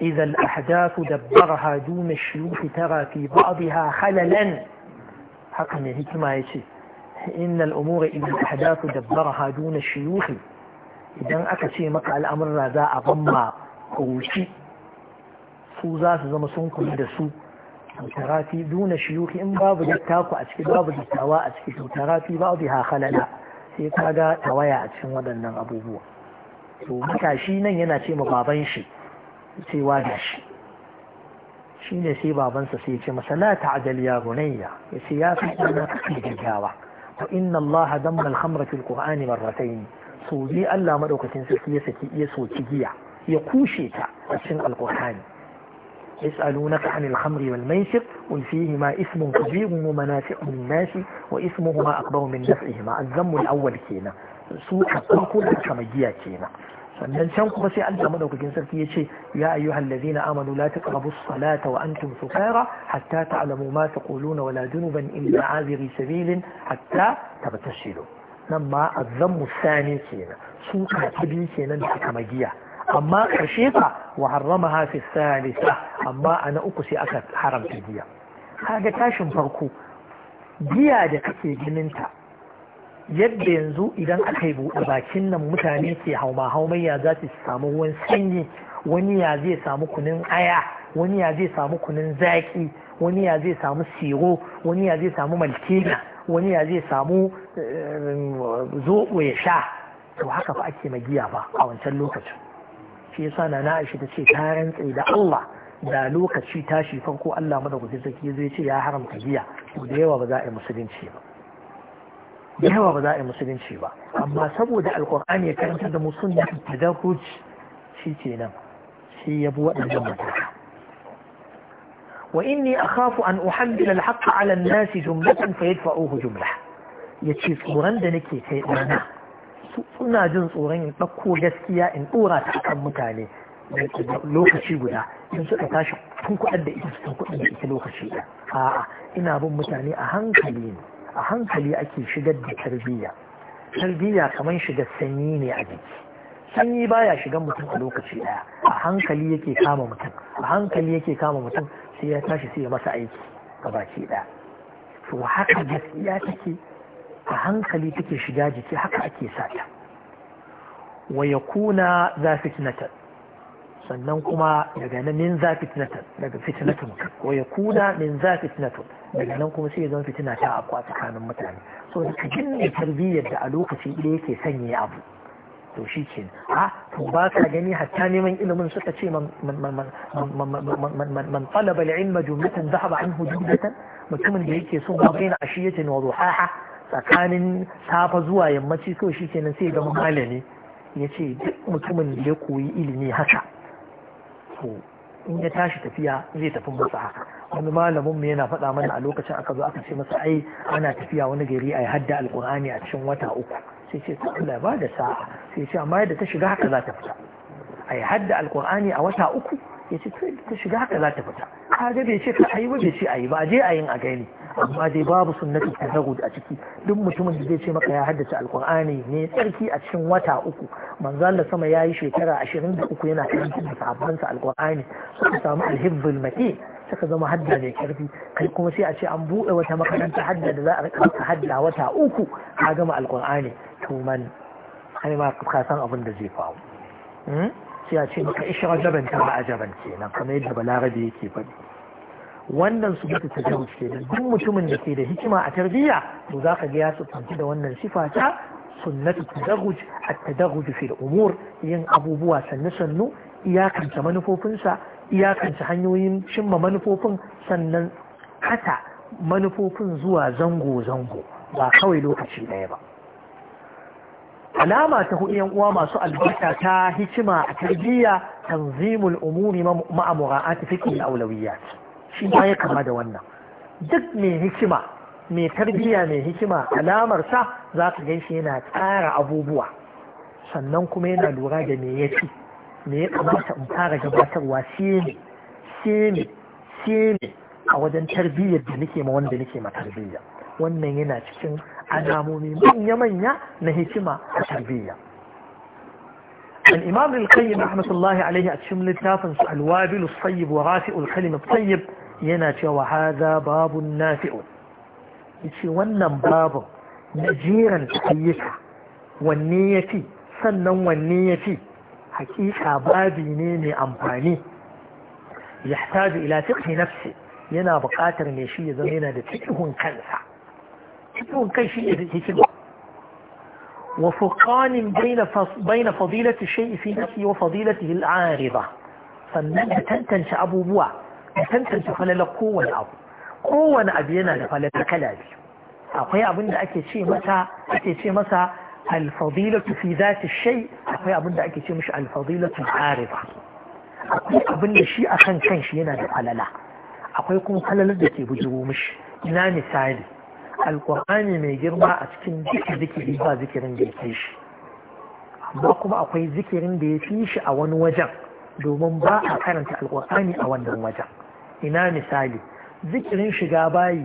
إذا الأحداث دبرها دون الشيوخ ترى في بعضها خللا حقا يهيك ما يشي إن الأمور إذا الأحداث دبرها دون الشيوخ إذا أكشي مقع الأمر ذا أضم قوشي سوزا سزم سنكم دسو ترى في دون الشيوخ إن باب جتاكو أشكي باب جتاوا أشكي ترى في بعضها خللا sai kaga tawaya a cikin waɗannan abubuwa to matashi nan yana ce ma baban shi cewa da shi shi ne sai babansa sai ce masa la ta'jal ya bunayya ya ce ya fi kana gaggawa fa inna allaha damma al-khamra fil qur'ani marratayn so bi Allah madaukakin sarki ya saki ya soki giya ya kushe ta a cikin alqur'ani يسألونك عن الخمر والميسر قل فيهما اسم كبير ومنافع للناس واسمهما أكبر من نفعهما الذم الأول كينا سوء كل كما جيا كينا sannan can kuma sai Allah madaukakin sarki ya ce ya ayyuhal na amanu la ta as-salata wa antum sukara hatta ta'lamu ma na wala ban illa aziri sabilin hatta tabtashilu nan ma azzammu sani kenan su ka tabi kenan da aka magiya amma karshe ka, wa harramaha hafi salisa amma na uku sai aka haramta giya kaga tashin farko giya da kake ganin ta yadda yanzu idan aka yi buɗe bakin nan mutane ke hauma ya za su samu ruwan sanyi wani ya zai samu kunun aya wani ya zai samu kunun zaki wani ya zai samu siro wani ya zai samu malkina wani ya zai samu eh, zoɓo ya sha to haka fa ake magiya ba a wancan lokacin shi yasa na na aisha ta ce ta rantse da Allah da lokaci tashi farko Allah madaukakin sarki zai ce ya haramta giya to da yawa ba za a yi musulunci ba da yawa ba za a yi musulunci ba amma saboda alkur'ani ya karanta da musulunci da dakuci shi ke nan shi ya bi waɗannan mataka wa inni akhafu an uhammila alhaqqa ala an jumlatan fa yadfa'uhu jumla yace tsoron da nake kai dana suna jin tsoron in ɗauko gaskiya in ɗora ta kan mutane lokaci guda in suka tashi tun kuɗin da ita tun kuɗin da ita lokaci ɗaya a'a ina bin mutane a hankali ne a hankali ake shigar da tarbiyya tarbiyya kamar shiga sanyi ne a jiki sanyi baya shigan mutum a lokaci daya a hankali yake kama mutum a hankali yake kama mutum sai ya tashi sai ya masa aiki ga baki daya to haka gaskiya take a hankali take shiga jiki haka ake sata wa yakuna za fitnatan sannan kuma daga nan min za fitnatan daga fitnatun ko ya kuna min za fitnatun daga nan kuma sai ya fitina ta kwa tsakanin mutane so da kajin ne tarbiyyar da a lokaci ɗaya yake sanya abu to shi ke a to ba ka gani hatta neman ilimin suka ce man talaba al-ilma jumlatan dhahaba anhu jumlatan mutumin da yake so ba baina ashiyatin wa duhaha tsakanin safa zuwa yammaci kawai shi kenan sai ga malami ya ce duk mutumin da ya koyi ilimi haka to in ya tashi tafiya zai tafi masa haka wani malamin mu yana faɗa mana a lokacin aka zo aka ce masa ai ana tafiya wani gari a hadda alkur'ani a cikin wata uku sai ce ta ba da sa'a sai ce amma yadda ta shiga haka za ta fita ai hadda alkur'ani a wata uku ya ce ta shiga haka za ta fita kaga bai ce ka ayi ba bai ce ayi ba je a yin a gani amma dai babu sunnatu tazawwud a ciki duk mutumin da zai ce maka ya haddace alkur'ani ne tsarki a cikin wata uku manzo Allah sama yayi shekara 23 yana karanta da sahabban sa alqur'ani suka samu alhibbul matin suka zama hadda mai karfi kai kuma sai a ce an bude wata makaranta hadda da za a rika hadda wata uku ka gama alqur'ani to man kai ma ka san abin da zai faru hmm? sai a ce maka ishra jaban ta ba ajaban kenan kamar yadda balarabe yake faɗi wannan su mutu ta jawo da duk mutumin da ke da hikima a tarbiyya to za ka ga ya tsufanci da wannan sifa ta sunnatu tadarruj at-tadarruj umur yin abubuwa sannu sannu iyakance manufofinsa iyakance hanyoyin cimma manufofin sannan kata manufofin zuwa zango zango ba kawai lokaci ɗaya ba alama ta hudu yan uwa masu albarka ta hikima a tarbiyya tanzimul umuri ma'a mura'ati fiqh al-awlawiyat shi ma ya kama da wannan duk mai hikima mai tarbiyya mai hikima alamarsa za ka gan shi yana tsara abubuwa sannan kuma yana lura da me ya ci me ya kamata in fara gabatarwa shi ne shi shi ne ne a wajen tarbiyyar da nake ma wanda nake ma tarbiyya wannan yana cikin alamomi manya-manya na hikima a tarbiyya الإمام القيم رحمة الله عليه أتشم لتافا الوابل الصيب ورافع الحلم الطيب يناتي وهذا باب نافع يتي ونن باب نجيرا تحيكا والنية سنن والنية حقيقة بابي نيني أمباني يحتاج إلى فقه نفسه ينا بقاتر ميشي زمينا لتكهن كنسا تكهن كنسا وفرقان بين بين فضيلة الشيء في نفسه وفضيلته العارضة sannan tantance abubuwa da tantance falalar kowane abu kowane abu yana da falalar kala biyu akwai abin ake ce mata ake ce masa alfadilatu fi shai. shay akwai abin ake ce mishi alfadilatu arifa akwai abin da shi akan kanshi yana da falala akwai kuma falalar da ke bujiro mishi ina misali alkur'ani mai girma a cikin duka zikiri ba zikirin da ya fi shi amma kuma akwai zikirin da ya fi shi a wani wajen domin ba a karanta alkur'ani a wannan wajen ina misali zikirin shiga bayi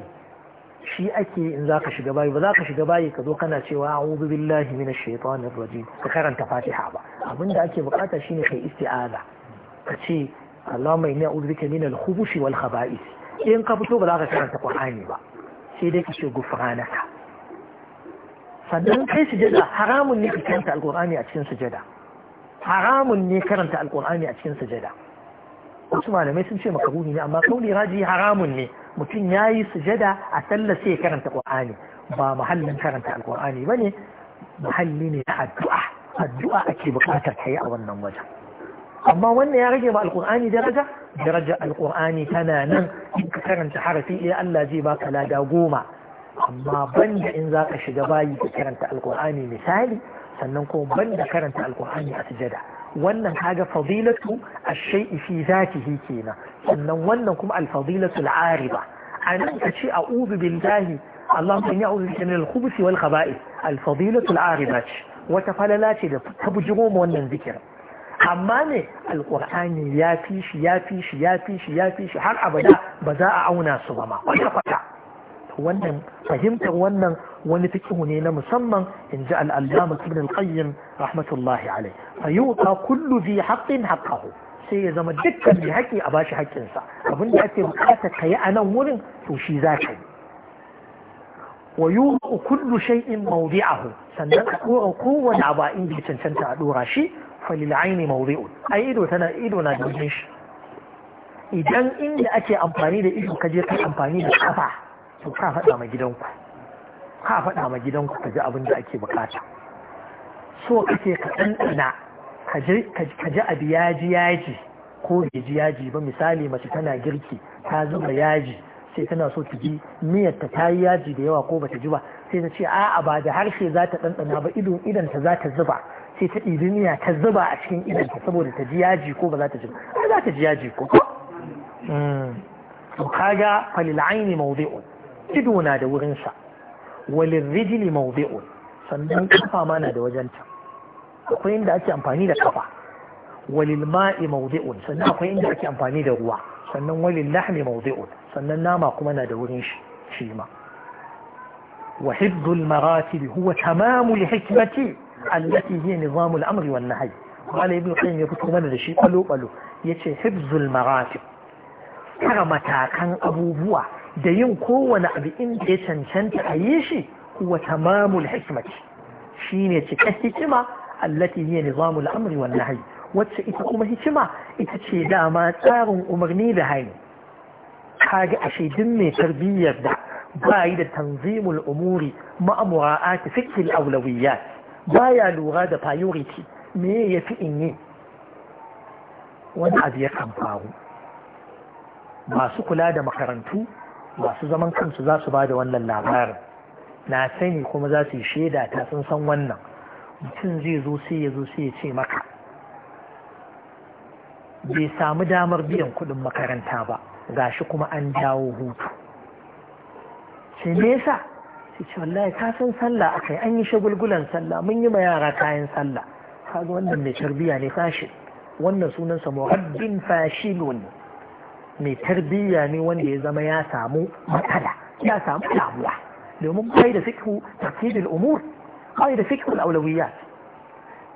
shi ake in za ka shiga bayi ba za ka shiga bayi ka zo kana cewa a'udhu billahi minash shaitanir rajim ka karanta fatiha ba abinda ake bukata shine kai isti'aza ka ce Allahumma inni a'udhu bika minal khubuthi wal in ka fito ba za ka karanta qur'ani ba sai dai kace gufranaka sannan kai sujada haramun ne ka karanta alkur'ani a cikin sujada haramun ne karanta alkur'ani a cikin sujada wasu malamai sun ce makaruhi ne amma kauli raji haramun ne mutum ya yi sujada a sallah sai ya karanta qur'ani ba muhallin karanta alkur'ani ba ne muhalli ne na addu'a addu'a ake bukatar kai a wannan wajen amma wannan ya rage wa alkur'ani daraja daraja alkur'ani tana nan in ka karanta harafi ɗaya Allah zai baka lada goma amma banda in za ka shiga bayi ka karanta alkur'ani misali sannan kuma banda karanta alkur'ani a sujada wannan kaga fadilatu ash-shay'i fi zatihi kenan sannan wannan kuma al-fadilatu al-ariba anan ka ce a'udhu billahi Allahumma inni a'udhu bika min al-khubuthi wal khaba'ith al-fadilatu al-ariba wata falala ce da ta bujiro wannan zikirin amma ne alƙur'ani ya fi shi ya fi shi ya fi shi ya fi shi har abada ba za a auna su ba ma kwata-kwata wannan fahimtar wannan wani fikihu ne na musamman in ji al'allama ibn al-qayyim rahmatullahi alai fa yuta kullu biyu haqqin haqqahu sai ya zama dukkan mai haƙƙi a bashi haƙƙinsa abin da ake bukata ka yi a nan wurin to shi za ka yi wa yuta kullu shay'in mawdi'ahu sannan a kowane abu a inda cancanta a dora shi falil'aini mawdi'un ai ido tana ido na da wajen shi idan inda ake amfani da ido kaje kai amfani da kafa to ka faɗa ma gidanku ka faɗa ma gidanku ka abin da ake bukata so kake ka ɗanɗana ka ji abu yaji yaji ko bai yaji ba misali mace tana girki ta zuba yaji sai tana so ta ji miyar ta tayi yaji da yawa ko bata ji ba sai ta ce a'a ba da harshe za ta ɗanɗana ba idon idan ta za ta zuba ce ta idiniya ta zuba a cikin idanta saboda ta ji yaji ko ba za ta ji ba za ta ji yaji ko hmm. to kaga falil aini mawdi'un ido na da wurin sa walil rijli mawdi'un sannan kafa ma na da wajenta akwai inda ake amfani da kafa walil ma'i mawdi'un sannan akwai inda ake amfani da ruwa sannan walil lahmi mawdi'un sannan nama kuma na da wurin shi shi ma وحفظ المراتب هو تمام الحكمة allati hiya nizamul amri wan nahyi malai ibn qayyim ya fito mana da shi kwalo Ya ce hibzul maratib kara matakan abubuwa da yin kowane abu da ya cancanta a yi shi huwa tamamul hikmati shine cikin hikima allati hiya nizamul amri wan nahyi wacce ita kuma hikima ita ce dama tsarin umarni da hani kaga ashe duk mai tarbiyyar da ba yi da tanzimul umuri ma'amura'ati fikil aulawiyat baya lura da priority me ya fi in yi wani abu ya kan faru masu kula da makarantu masu zaman kansu za su ba da wannan labarin na sani kuma za su yi shaida ta sun san wannan mutum zai zo sai ya zo sai ya ce maka bai samu damar biyan kudin makaranta ba Ga shi kuma an jawo hutu sai nesa sai ce wallahi ka san sallah akai an yi shagulgulan sallah mun yi ma yara kayan sallah kaga wannan mai tarbiyya ne fashi wannan sunan sunansa muhaddin fashilun mai tarbiyya ne wanda ya zama ya samu matsala ya samu damuwa domin kai da fiqhu tafsidil umur kai da fiqhu aulawiyat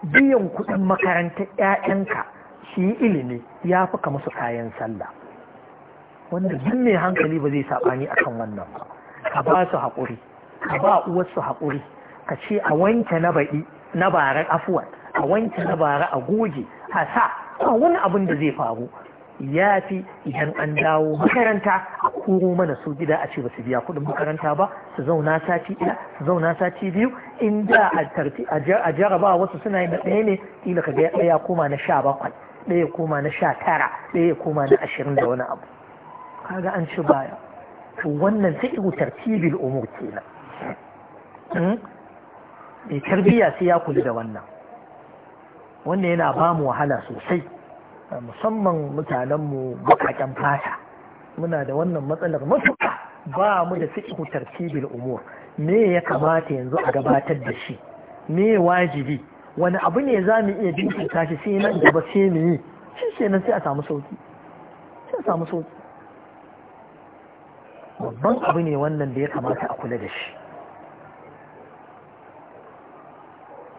biyan kuɗin makarantar ƴaƴanka shi ilimi ya fi musu kayan sallah wanda duk mai hankali ba zai saɓani akan wannan ba ka ba su haƙuri ka ba uwarsu haƙuri ka ce a wanke na baɗi na bara afuwa a wanke na bara a goge a sa a wani abin da zai faru ya fi idan an dawo makaranta a koro mana su gida a ce ba su biya kuɗin makaranta ba su zauna sati ɗaya su zauna sati biyu in da a jaraba wasu suna yin ɗaya ne ila ka ga ɗaya koma na sha bakwai ɗaya koma na sha tara ɗaya koma na ashirin da wani abu kaga an ci baya to wannan sai tartibil umur kenan Hmm? mai tarbiyya sai ya kula da wannan wanda yana ba mu wahala sosai musamman mutanenmu bukaken fata muna da wannan matsalar matuka, ba mu da fiqhu tartibil umur me ya kamata yanzu a gabatar da shi me wajibi wani abu ne za mu iya bincika shi sai nan gaba sai mu yi shi nan sai a samu sauki sai a samu sauki babban abu ne wannan da ya kamata a kula da shi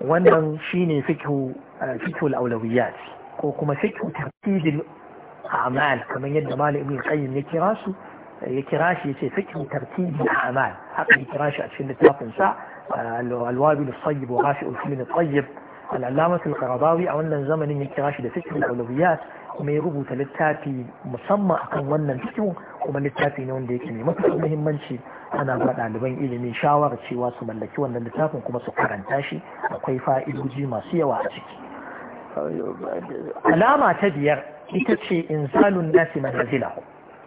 wannan shine fikhu fikhu al awlawiyat ko kuma fiqhu tartibul a'mal kaman yadda malik ibn qayyim ya kira su ya kira shi yace fiqhu tartibul a'mal haka ya kira shi a cikin littafin sa al-wabil al sayyib wa ghashi al-film al tayyib al-allama al-qaradawi a wannan zamanin ya kira shi da al awlawiyat kuma ya rubuta littafi musamman akan wannan fikhu kuma littafi ne wanda yake mai matuƙar muhimmanci ana ba ɗaliban ilimin shawarar cewa su mallaki wannan littafin kuma su karanta shi akwai fa'idoji masu yawa a ciki alama ta biyar ita ce Insalun nasi manazila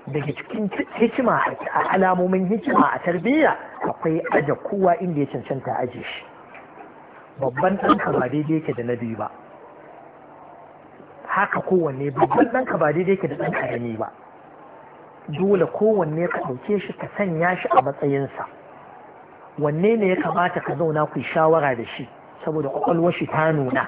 daga cikin hikima a alamomin hikima a tarbiyya akwai aja kowa inda ya cancanta aje shi babban ɗanka ba daidai yake da na biyu ba haka kowanne babban ɗanka ba daidai yake da ɗan ƙarami ba dole kowanne ka ɗauke shi ka sanya shi a matsayinsa wanne ne ya kamata ka zauna ku shawara da shi saboda kwakwalwar shi ta nuna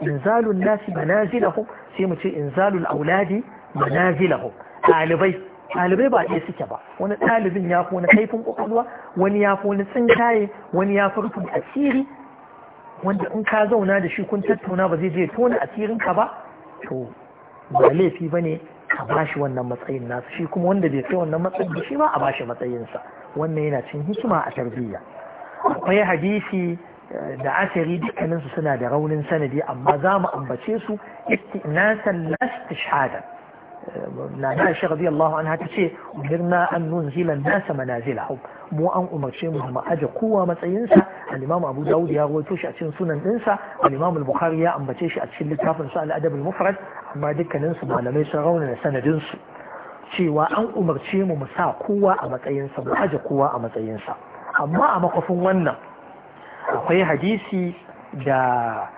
inzalun nasi manazilahum sai mu ce inzalul auladi manazilahum ɗalibai ɗalibai ba ɗaya suke ba wani ɗalibin ya fi wani kaifin kwakwalwa wani ya fi wani tsinkaye wani ya fi rufin asiri wanda in ka zauna da shi kun tattauna ba zai je tona asirin ka ba to ba laifi ba ne a bashi wannan matsayin nasu shi kuma wanda bai kai wannan matsayin shi ma a bashi matsayinsa wannan yana cin hikima a tarbiyya akwai hadisi eh, da asiri su suna da raunin sanadi amma za mu ambace su istinasan lastishhadan eh, na na shi radiyallahu anha tace umirna an nunzila nasa manazilahum mu an umarce mu mu aje kowa matsayinsa al-Imam Abu Dawud ya rawaito shi a cikin sunan dinsa al-Imam Al-Bukhari ya ambace shi a cikin littafin sa al-Adab al-Mufrad amma dukkanin su malamai sun raunana sanadin su cewa an umarce mu mu sa kowa a matsayinsa mu aje kowa a matsayinsa amma a makofin wannan akwai hadisi da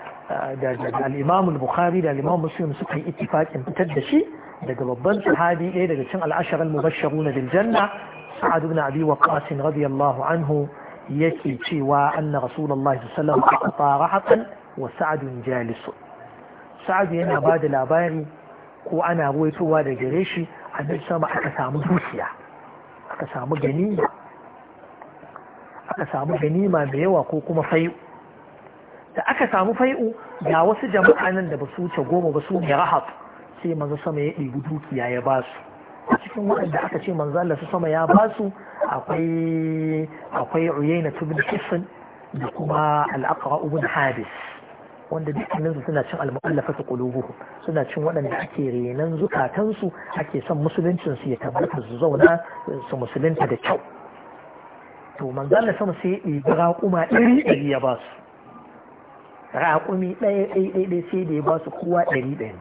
da al Al-Bukhari da al-Imam Muslim suka yi ittifaqin fitar da shi daga babban sahabi ɗaya daga cin al'asharar mubashsharuna bil janna sa'ad ibn abi waqas radiyallahu anhu yake cewa anna rasulullahi sallallahu alaihi wasallam qara wa sa'ad jalis sa'ad yana ba da labari ko ana ruwaitowa da gare shi annabi sama aka samu zuciya aka samu ganima aka samu ganima da yawa ko kuma fai'u da aka samu fai'u ga wasu jama'a nan da ba su wuce goma ba su ne rahab sai manzo sama ya ɗibi dukiya ya ba su a cikin waɗanda aka ce manzo Allah su sama ya ba su akwai akwai Uyayna ibn da kuma Al-Aqra ibn Habis wanda dukkaninsu suna cin al-mu'allafatu qulubuhum suna cin waɗanda ake renan zukatansu ake son musuluncin su ya tabbata su zauna su musulunta da kyau to manzo Allah sama sai ya ɗibi raƙuma ɗari ɗari ya ba su raƙumi ɗaya ɗaya ɗaya sai da ya ba su kowa ɗari ɗaya.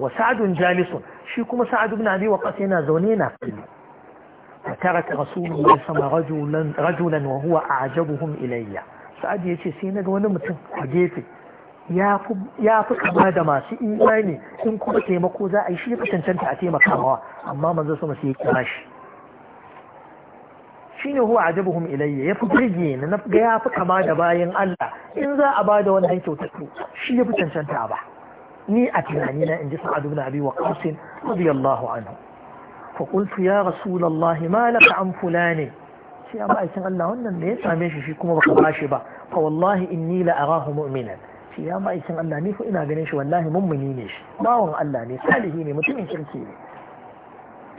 wa sa'adun jalisun shi kuma sa'adu na abi waqas yana zaune yana kallo taraka rasulullahi sama rajulan rajulan wa huwa a'jabuhum ilayya sa'ad yace sai naga wani mutum a gefe ya fi kama da masu imani in kuma taimako za a yi shi cancanta a taimaka mawa amma manzo sama sai ya kira shi shine huwa ajabuhum ilayya ya fi birge ni na ga ya fi kama da bayan Allah in za a bada wannan kyautar shi ya fi cancanta ba ni a tunani na inji sa'adu bin abi wa qasim radiyallahu anhu fa ya rasulullahi ma laka an fulani shi amma ai san Allah wannan ne ya same shi shi kuma baka bashi ba fa wallahi in la arahu muminan. shi amma ai san Allah ni ko ina ganin shi wallahi mummuni ne shi bawon Allah ne salihi ne mutumin kirki ne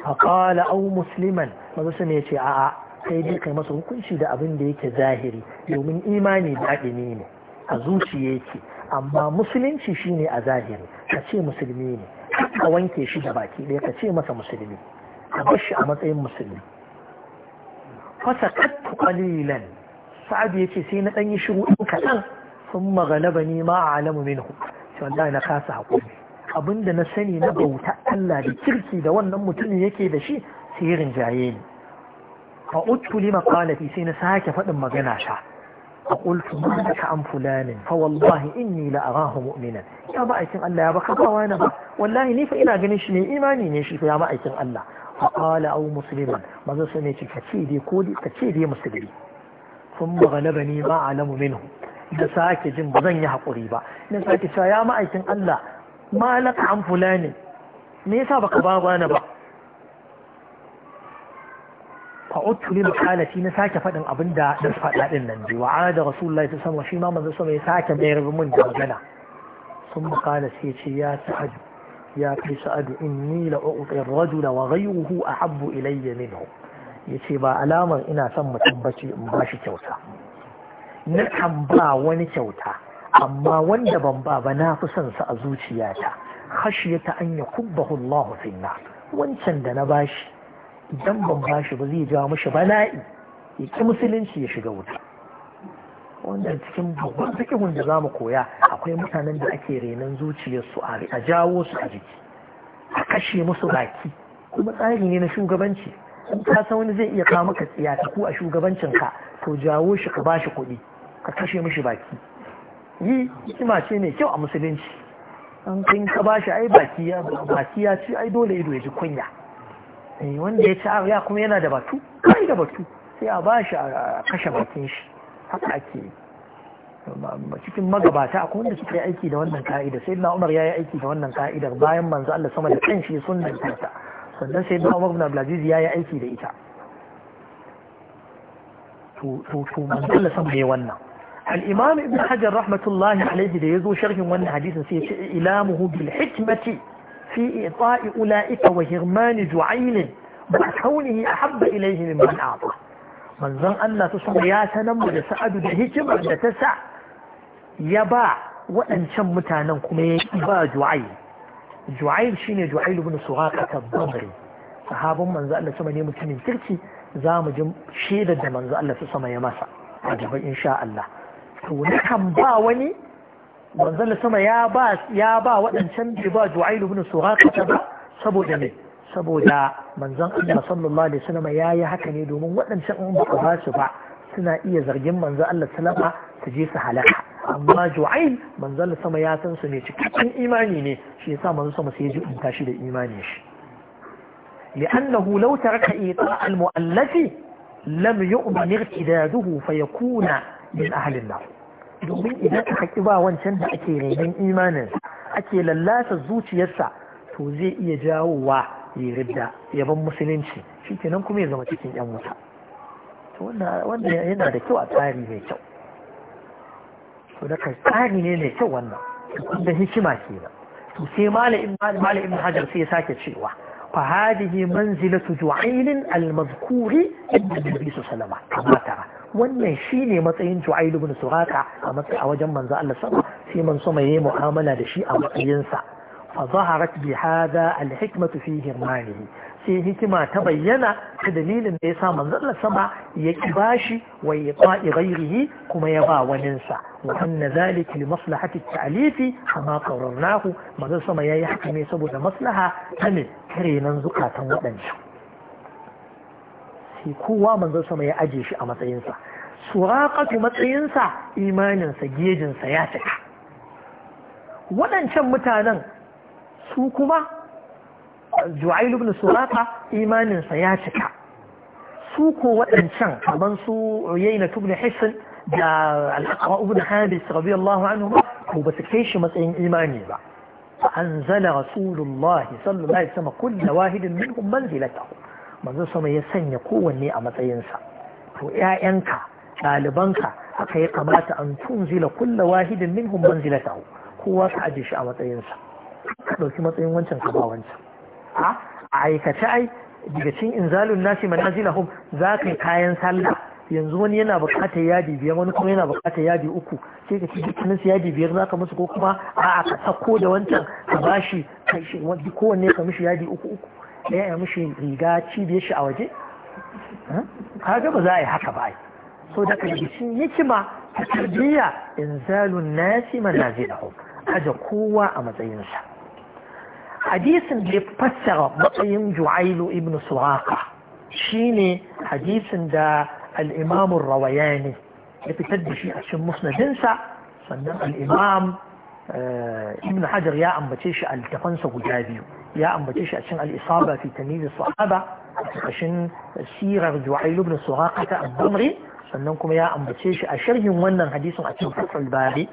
fa qala aw musliman maza sai yace a a sai dai kai masa hukunci da abin da yake zahiri domin imani daɗi ne a zuciya yake amma musulunci shine a zahiri ka ce musulmi ne ka wanke shi da baki ɗaya ka ce masa musulmi ka bar shi a matsayin musulmi fasakattu qalilan sa'ad yace sai na ɗan yi shiru ɗin kaɗan sun magalaba ni ma alamu minhu sai wallahi na kasa hakuri abinda na sani na bauta Allah da kirki da wannan mutumin yake da shi sai rinjaye ni fa uttu lima sai na sake faɗin magana sha فقلت ما لك عن فلان فوالله إني لأراه مؤمنا يا مأيتن الله يا بكر وانا والله ني فإلا غنيش ني إيماني ني شي يا مأيتن الله فقال أو مسلما ما زو سني كتيدي كودي كتيدي مسلمي ثم غلبني ما أعلم منه da sake jin ba zan yi haƙuri ba na sake cewa ya ma'aikin Allah ma laka an fulani me yasa baka ba na ba fa'utu lil na sake faɗin abin da da faɗa din nan biyu. wa'a da rasulullahi sallallahu alaihi wasallam shi ma manzo sama ya sake bayar mun da magana sun qala sai ce ya sa'adu ya kai sa'adu inni la uqti ar-rajula wa ghayruhu ahabbu ilayya minhu yace ba alamar ina son mutum bace in bashi kyauta na kan ba wani kyauta amma wanda ban ba ba na fi son sa a zuciyata khashiyata an yakubbahu Allah fi wancan da na bashi idan ban ba shi ba zai jawo mashi bala'i ya ƙi musulunci ya shiga wuta wanda cikin babban fikihun da za mu koya akwai mutanen da ake renon zuciyarsu a jawo su a jiki a kashe musu baki kuma tsari ne na shugabanci in ka san wani zai iya kawo maka ta ku a ka to jawo shi ka bashi kuɗi ka kashe mishi baki yi hikima ce mai kyau a musulunci an kun ka bashi ai baki ya ci ai dole ido ya ji kunya Eh, wanda ya ci ya kuma yana da batu kai da batu sai a ba shi a kashe bakin shi haka ake cikin magabata akwai wanda suka yi aiki da wannan ka'ida sai na umar ya yi aiki da wannan ka'idar bayan manzo Allah sama da kanshi sun nan ta sannan sai na umar ibn abdulaziz ya yi aiki da ita to to to manzo Allah sama ya wannan al-imam ibn hajar rahmatullahi alaihi da yazo sharhin wannan hadisin sai ya ce ilamuhu bil hikmati في إعطاء أولئك وهرمان جعيل بكونه أحب إليه ممن أعطى من ظن أن تصم يا سنم لسعد دهكم أن تسع يباع وأن شم متانا كما جعيل جعيل شين جعيل بن سراقة الضمري صحاب من ظن الله سمى نيمة من تركي زام جم شيدة من ظن الله سمى يمسع عجب إن شاء الله ونحن باوني manzon sama ya ba ya ba waɗancan bai ba Ju'ailu ibn Suhaqa ba saboda ne saboda manzon Allah sallallahu alaihi wasallam ya yi haka ne domin waɗancan in ba ba su ba suna iya zargin manzon Allah sallama su je su halaka amma Ju'ail manzon sama ya san su ne cikakken imani ne shi yasa manzon sama sai ya ji tashi da imani shi لأنه لو ترك إيطاء المؤلف لم يؤمن ارتداده فيكون من أهل النار domin idan aka ƙi ba wancan da ake renin imanin ake lallata zuciyarsa to zai iya jawowa ya ridda yaban musulunci shi kenan kuma ya zama cikin yan wuta wanda yana da kyau a tsari mai kyau to da tsari ne mai kyau wannan da hikima kenan to sai malamin malamin hajar sai ya sake cewa فهذه منزلة جعيل المذكور عند النبي صلى الله عليه وسلم كما ترى wannan shi ne matsayin Ju'ailu bin Suraka a a wajen manzo Allah sama sai man sama yayi mu'amala da shi a matsayinsa A فظهرت بهذا الحكمة في هرمانه sai hikima ta bayyana ta dalilin da ya sa manzon sama ya ki bashi wai ya ta'i ghairihi kuma ya ba waninsa wa anna zalika li maslahati ta'lifi kama qararnahu manzon sama yayi haka ne saboda maslaha ta ne kare nan zukatan waɗansu sai kowa manzon sama ya ajiye shi a matsayinsa suraqatu matsayinsa imaninsa gejinsa ya cika waɗancan mutanen su kuma ju'ailu ibn surata imaninsa ya cika su ko waɗancan kaman su yayin ibn hisan da al-aqra ibn habis anu anhu ko ba su kai shi matsayin imani ba فأنزل رسول الله صلى الله عليه وسلم كل واحد منهم منزلته manzo sama ya sanya kowanne a matsayinsa to ƴaƴanka ɗalibanka haka ya kamata an tunzila kulla wahidin minhum manzilatahu kowa ka aje shi a matsayinsa ka ɗauki matsayin wancan ka ba wancan a aikace ai daga cin inzalun nashi hum za ka yi kayan sallah yanzu wani yana buƙatar yadi biyar wani kuma yana buƙatar yadi uku sai ka ci dukkanin su yadi biyar za ka musu ko kuma a'a ka sako da wancan ka bashi shi kowanne ka mishi yadi uku uku ɗaya ya mishi riga cibiyar shi a waje kaga ba za a yi haka ba so da cikin hikima ta tarbiyya inzalun nasi aje kowa a matsayinsa حديث اللي بتسغى بقيم جعيل ابن سراقة شيني حديث دا الإمام الروياني يتكد شيء عشان مصنع جنسة صنم الإمام آه، ابن حجر يا أم بتيش التفنس وجابي يا أم بتيش عشان الإصابة في تمييز الصحابة عشان سيرة جعيل ابن سراقة الضمري صنمكم يا أم بتيش أشرهم ونن حديث عشان فتح الباري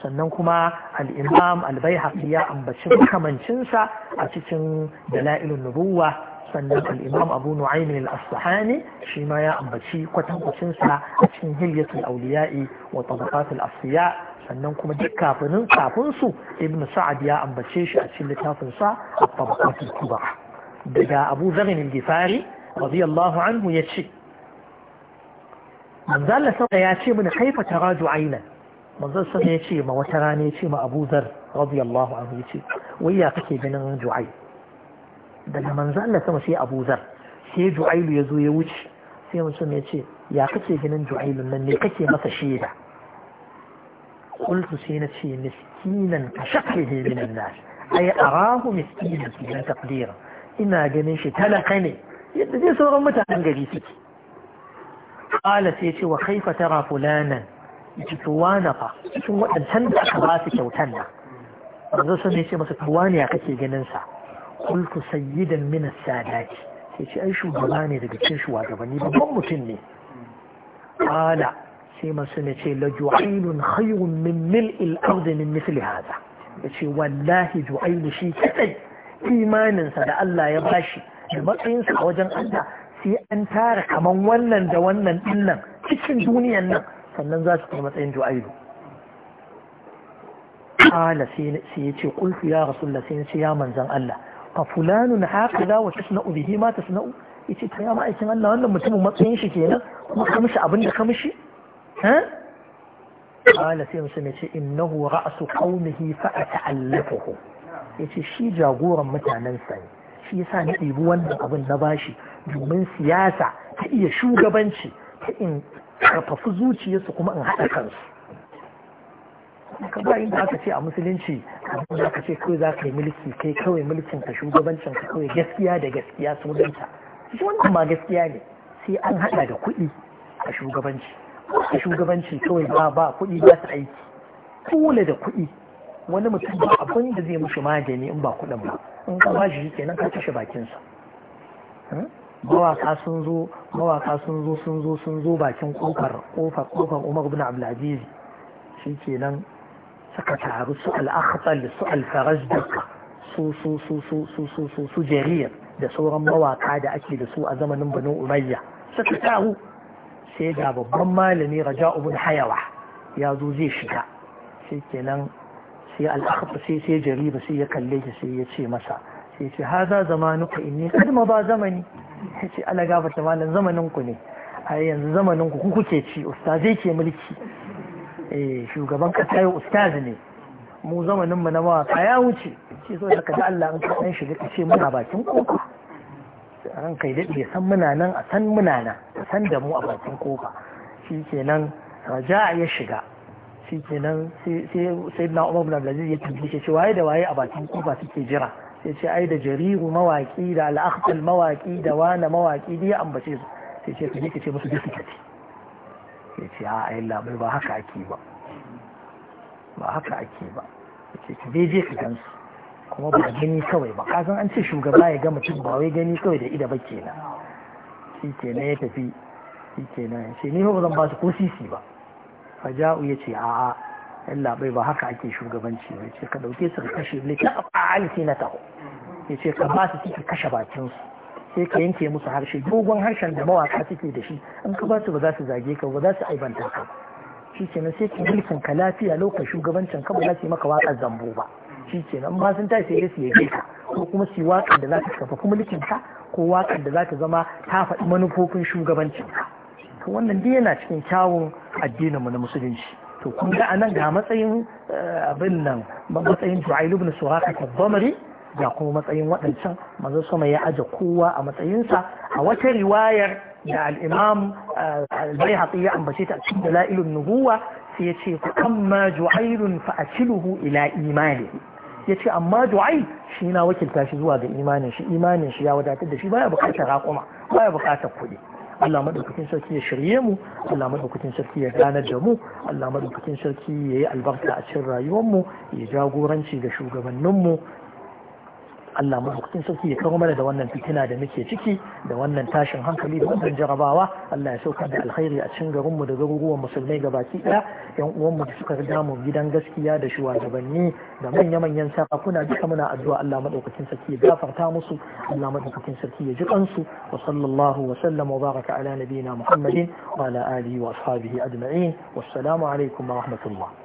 sannan kuma al'imam albayhaqi ya ambaci makamancinsa a cikin dala'ilun nubuwa sannan al'imam abu nu'aymin al shi ma ya ambaci kwatankwacinsa a cikin hilyatul auliya'i wa tabaqatul asfiya sannan kuma duk kafinin kafin su ibnu sa'ad ya ambace shi a cikin littafin sa tabaqatul kubra daga abu zarin al-gifari radiyallahu anhu ce. manzo Allah ya ce mana kaifa taraju aynan manzon sun ya ce ma wata rana ya ce ma Abu Zar radiyallahu anhu ya ce wai ya kake ganin Ju'ai daga manzon Allah sama sai Abu Zar sai Ju'ailu ya zo ya wuce sai mutum ya ce ya kake ganin Ju'ailun nan ne kake masa shaida قلت سينتي مسكينا كشقه من الناس أي أراه مسكينا لا تقديرا إنا جنيش تلقني يدي سورة متى أنجليسك قال سيتي وكيف ترى فلانا yace na fa cikin waɗancan da aka ba su kyautan nan manzo sun yace masa to ne a kake ganin sa qultu sayyidan min as-sadati sai ce ai shugaba ne daga cikin shugabanni babban mutum ne qala sai masu ne ce la ju'ailun khayrun min mil'il ard min mithli yace wallahi ju'ailu shi kadai imaninsa da Allah ya bashi da matsayinsa a wajen Allah sai an tara kamar wannan da wannan dinnan cikin duniyan nan sannan za su kai matsayin ju'aibu kala sai ya ce kulfu ya rasulullah sai ce ya manzan Allah fa haka za wa tasna'u bihi ma tasna'u ce ta ya ma'aikin Allah wannan mutumin matsayin shi kenan kuma kamshi mishi abin da ka mishi ha kala sai mutum yace innahu ra'su qaumihi fa Ya ce shi jagoran mutanen sa ne shi yasa ni ɗibi wannan abin na bashi domin siyasa ta iya shugabanci ta in karfafi zuciyarsu kuma in haɗa kansu ka ba da aka ce a musulunci abin da aka ce kawai za ka yi mulki kai kawai mulkin ka shugabancin ka kawai gaskiya da gaskiya sunanta shi wannan ma gaskiya ne sai an haɗa da kuɗi a shugabanci a shugabanci kawai ba ba kuɗi ba su aiki kula da kuɗi wani mutum ba abin da zai mushi magani in ba kuɗin ba in ka ba shi kenan ka kashe bakinsa hmm? mawaka sun zo mawaka sun zo sun zo sun zo bakin kofar kofar kofar Umar ibn Abdul Aziz nan suka taru su al-akhtal su al-farajdak su su su su su su su su da sauran mawaka da ake da su a zamanin Banu Umayya suka taru sai ga babban malami Raja'u ibn Hayawa ya zo zai shiga nan sai al-akhtal sai sai jariba sai ya kalle shi sai ya ce masa sai ce haza zamanuka inni kad ba zamani ya ce ala gafarta malam zamanin ku ne a yanzu zamanin ku kuke ci ustazai ke mulki eh shugaban kasa ya ustaz ne mu zamanin mu na mawaka ya wuce ce so da kaji Allah an ka san shi ka ce muna bakin kofa ran kai dade ya san muna nan a san muna nan a san da mu a bakin kofa shikenan raja ya shiga shikenan sai sai na Umar bin Abdulaziz ya tambaye shi waye da waye a bakin kofa suke jira sai ce ai da jariru mawaki da al'akhtal mawaki da wana mawaki da ya ambace su sai ce kaje kace musu duk kace sai ce a ai labai ba haka ake ba ba haka ake ba sai ka je ka gansu kuma ba gani kawai ba kasan an ce shugaba ya ga mutum ba wai gani kawai da ida ba kenan shi kenan ya tafi shi kenan shi ni ba zan ba su ko sisi ba faja'u ya ce a'a Allah bai ba haka ake shugabanci ya ce ka dauke su ka kashe lita a fa'alci na taho ya ce ka ba su suke kashe bakinsu sai ka yanke musu harshe dogon harshen da mawaka suke da shi in ka ba su ba za su zage ka ba za su aibanta ka shi ke sai ka mulkin ka lafiya lokacin shugabancin ka ba za su yi maka waƙar zambo ba shi ke nan ba sun tashi sai su ka ko kuma su yi waƙar da za ta kuma mulkin ka ko waƙar da za ta zama ta faɗi manufofin shugabancin ka wannan dai yana cikin kyawun addininmu na musulunci to kun ga anan ga matsayin eh, abin nan matsayin ju'ailu ibn Suraka al-Dhamri ga kuma matsayin waɗancan manzo sama ya aje kowa a matsayinsa a wata riwayar da al-Imam eh, al-Baihaqi ya ambace ta cikin Dalailun Nubuwa sai ya ce fa amma Ju'aylun fa akiluhu ila imani ya ce amma Ju'ayl shi na wakilta shi zuwa ga imanin shi imanin shi ya wadatar da shi baya bukatar raƙuma baya bukatar kuɗi Allah madaukakin sarki ya shirye mu Allah madaukakin sarki ya ganar da mu Allah madaukakin sarki ya yi albarka a cikin rayuwar ya jagoranci ga shugabannin mu Allah madaukakin sarki ya kawo mana da wannan fitina da muke ciki da wannan tashin hankali da wannan jarabawa Allah ya sauka da alkhairi a cikin garin mu da garuruwan musulmai gabaki daya yan uwan mu da suka riga mu gidan gaskiya da shugabanni da manya-manyan sarakuna duka muna addu'a Allah madaukakin sarki ya gafarta musu Allah madaukakin sarki ya ji kansu wa sallallahu wa wa baraka ala nabiyina Muhammadin wa ala alihi wa ashabihi ajma'in wassalamu alaikum wa rahmatullah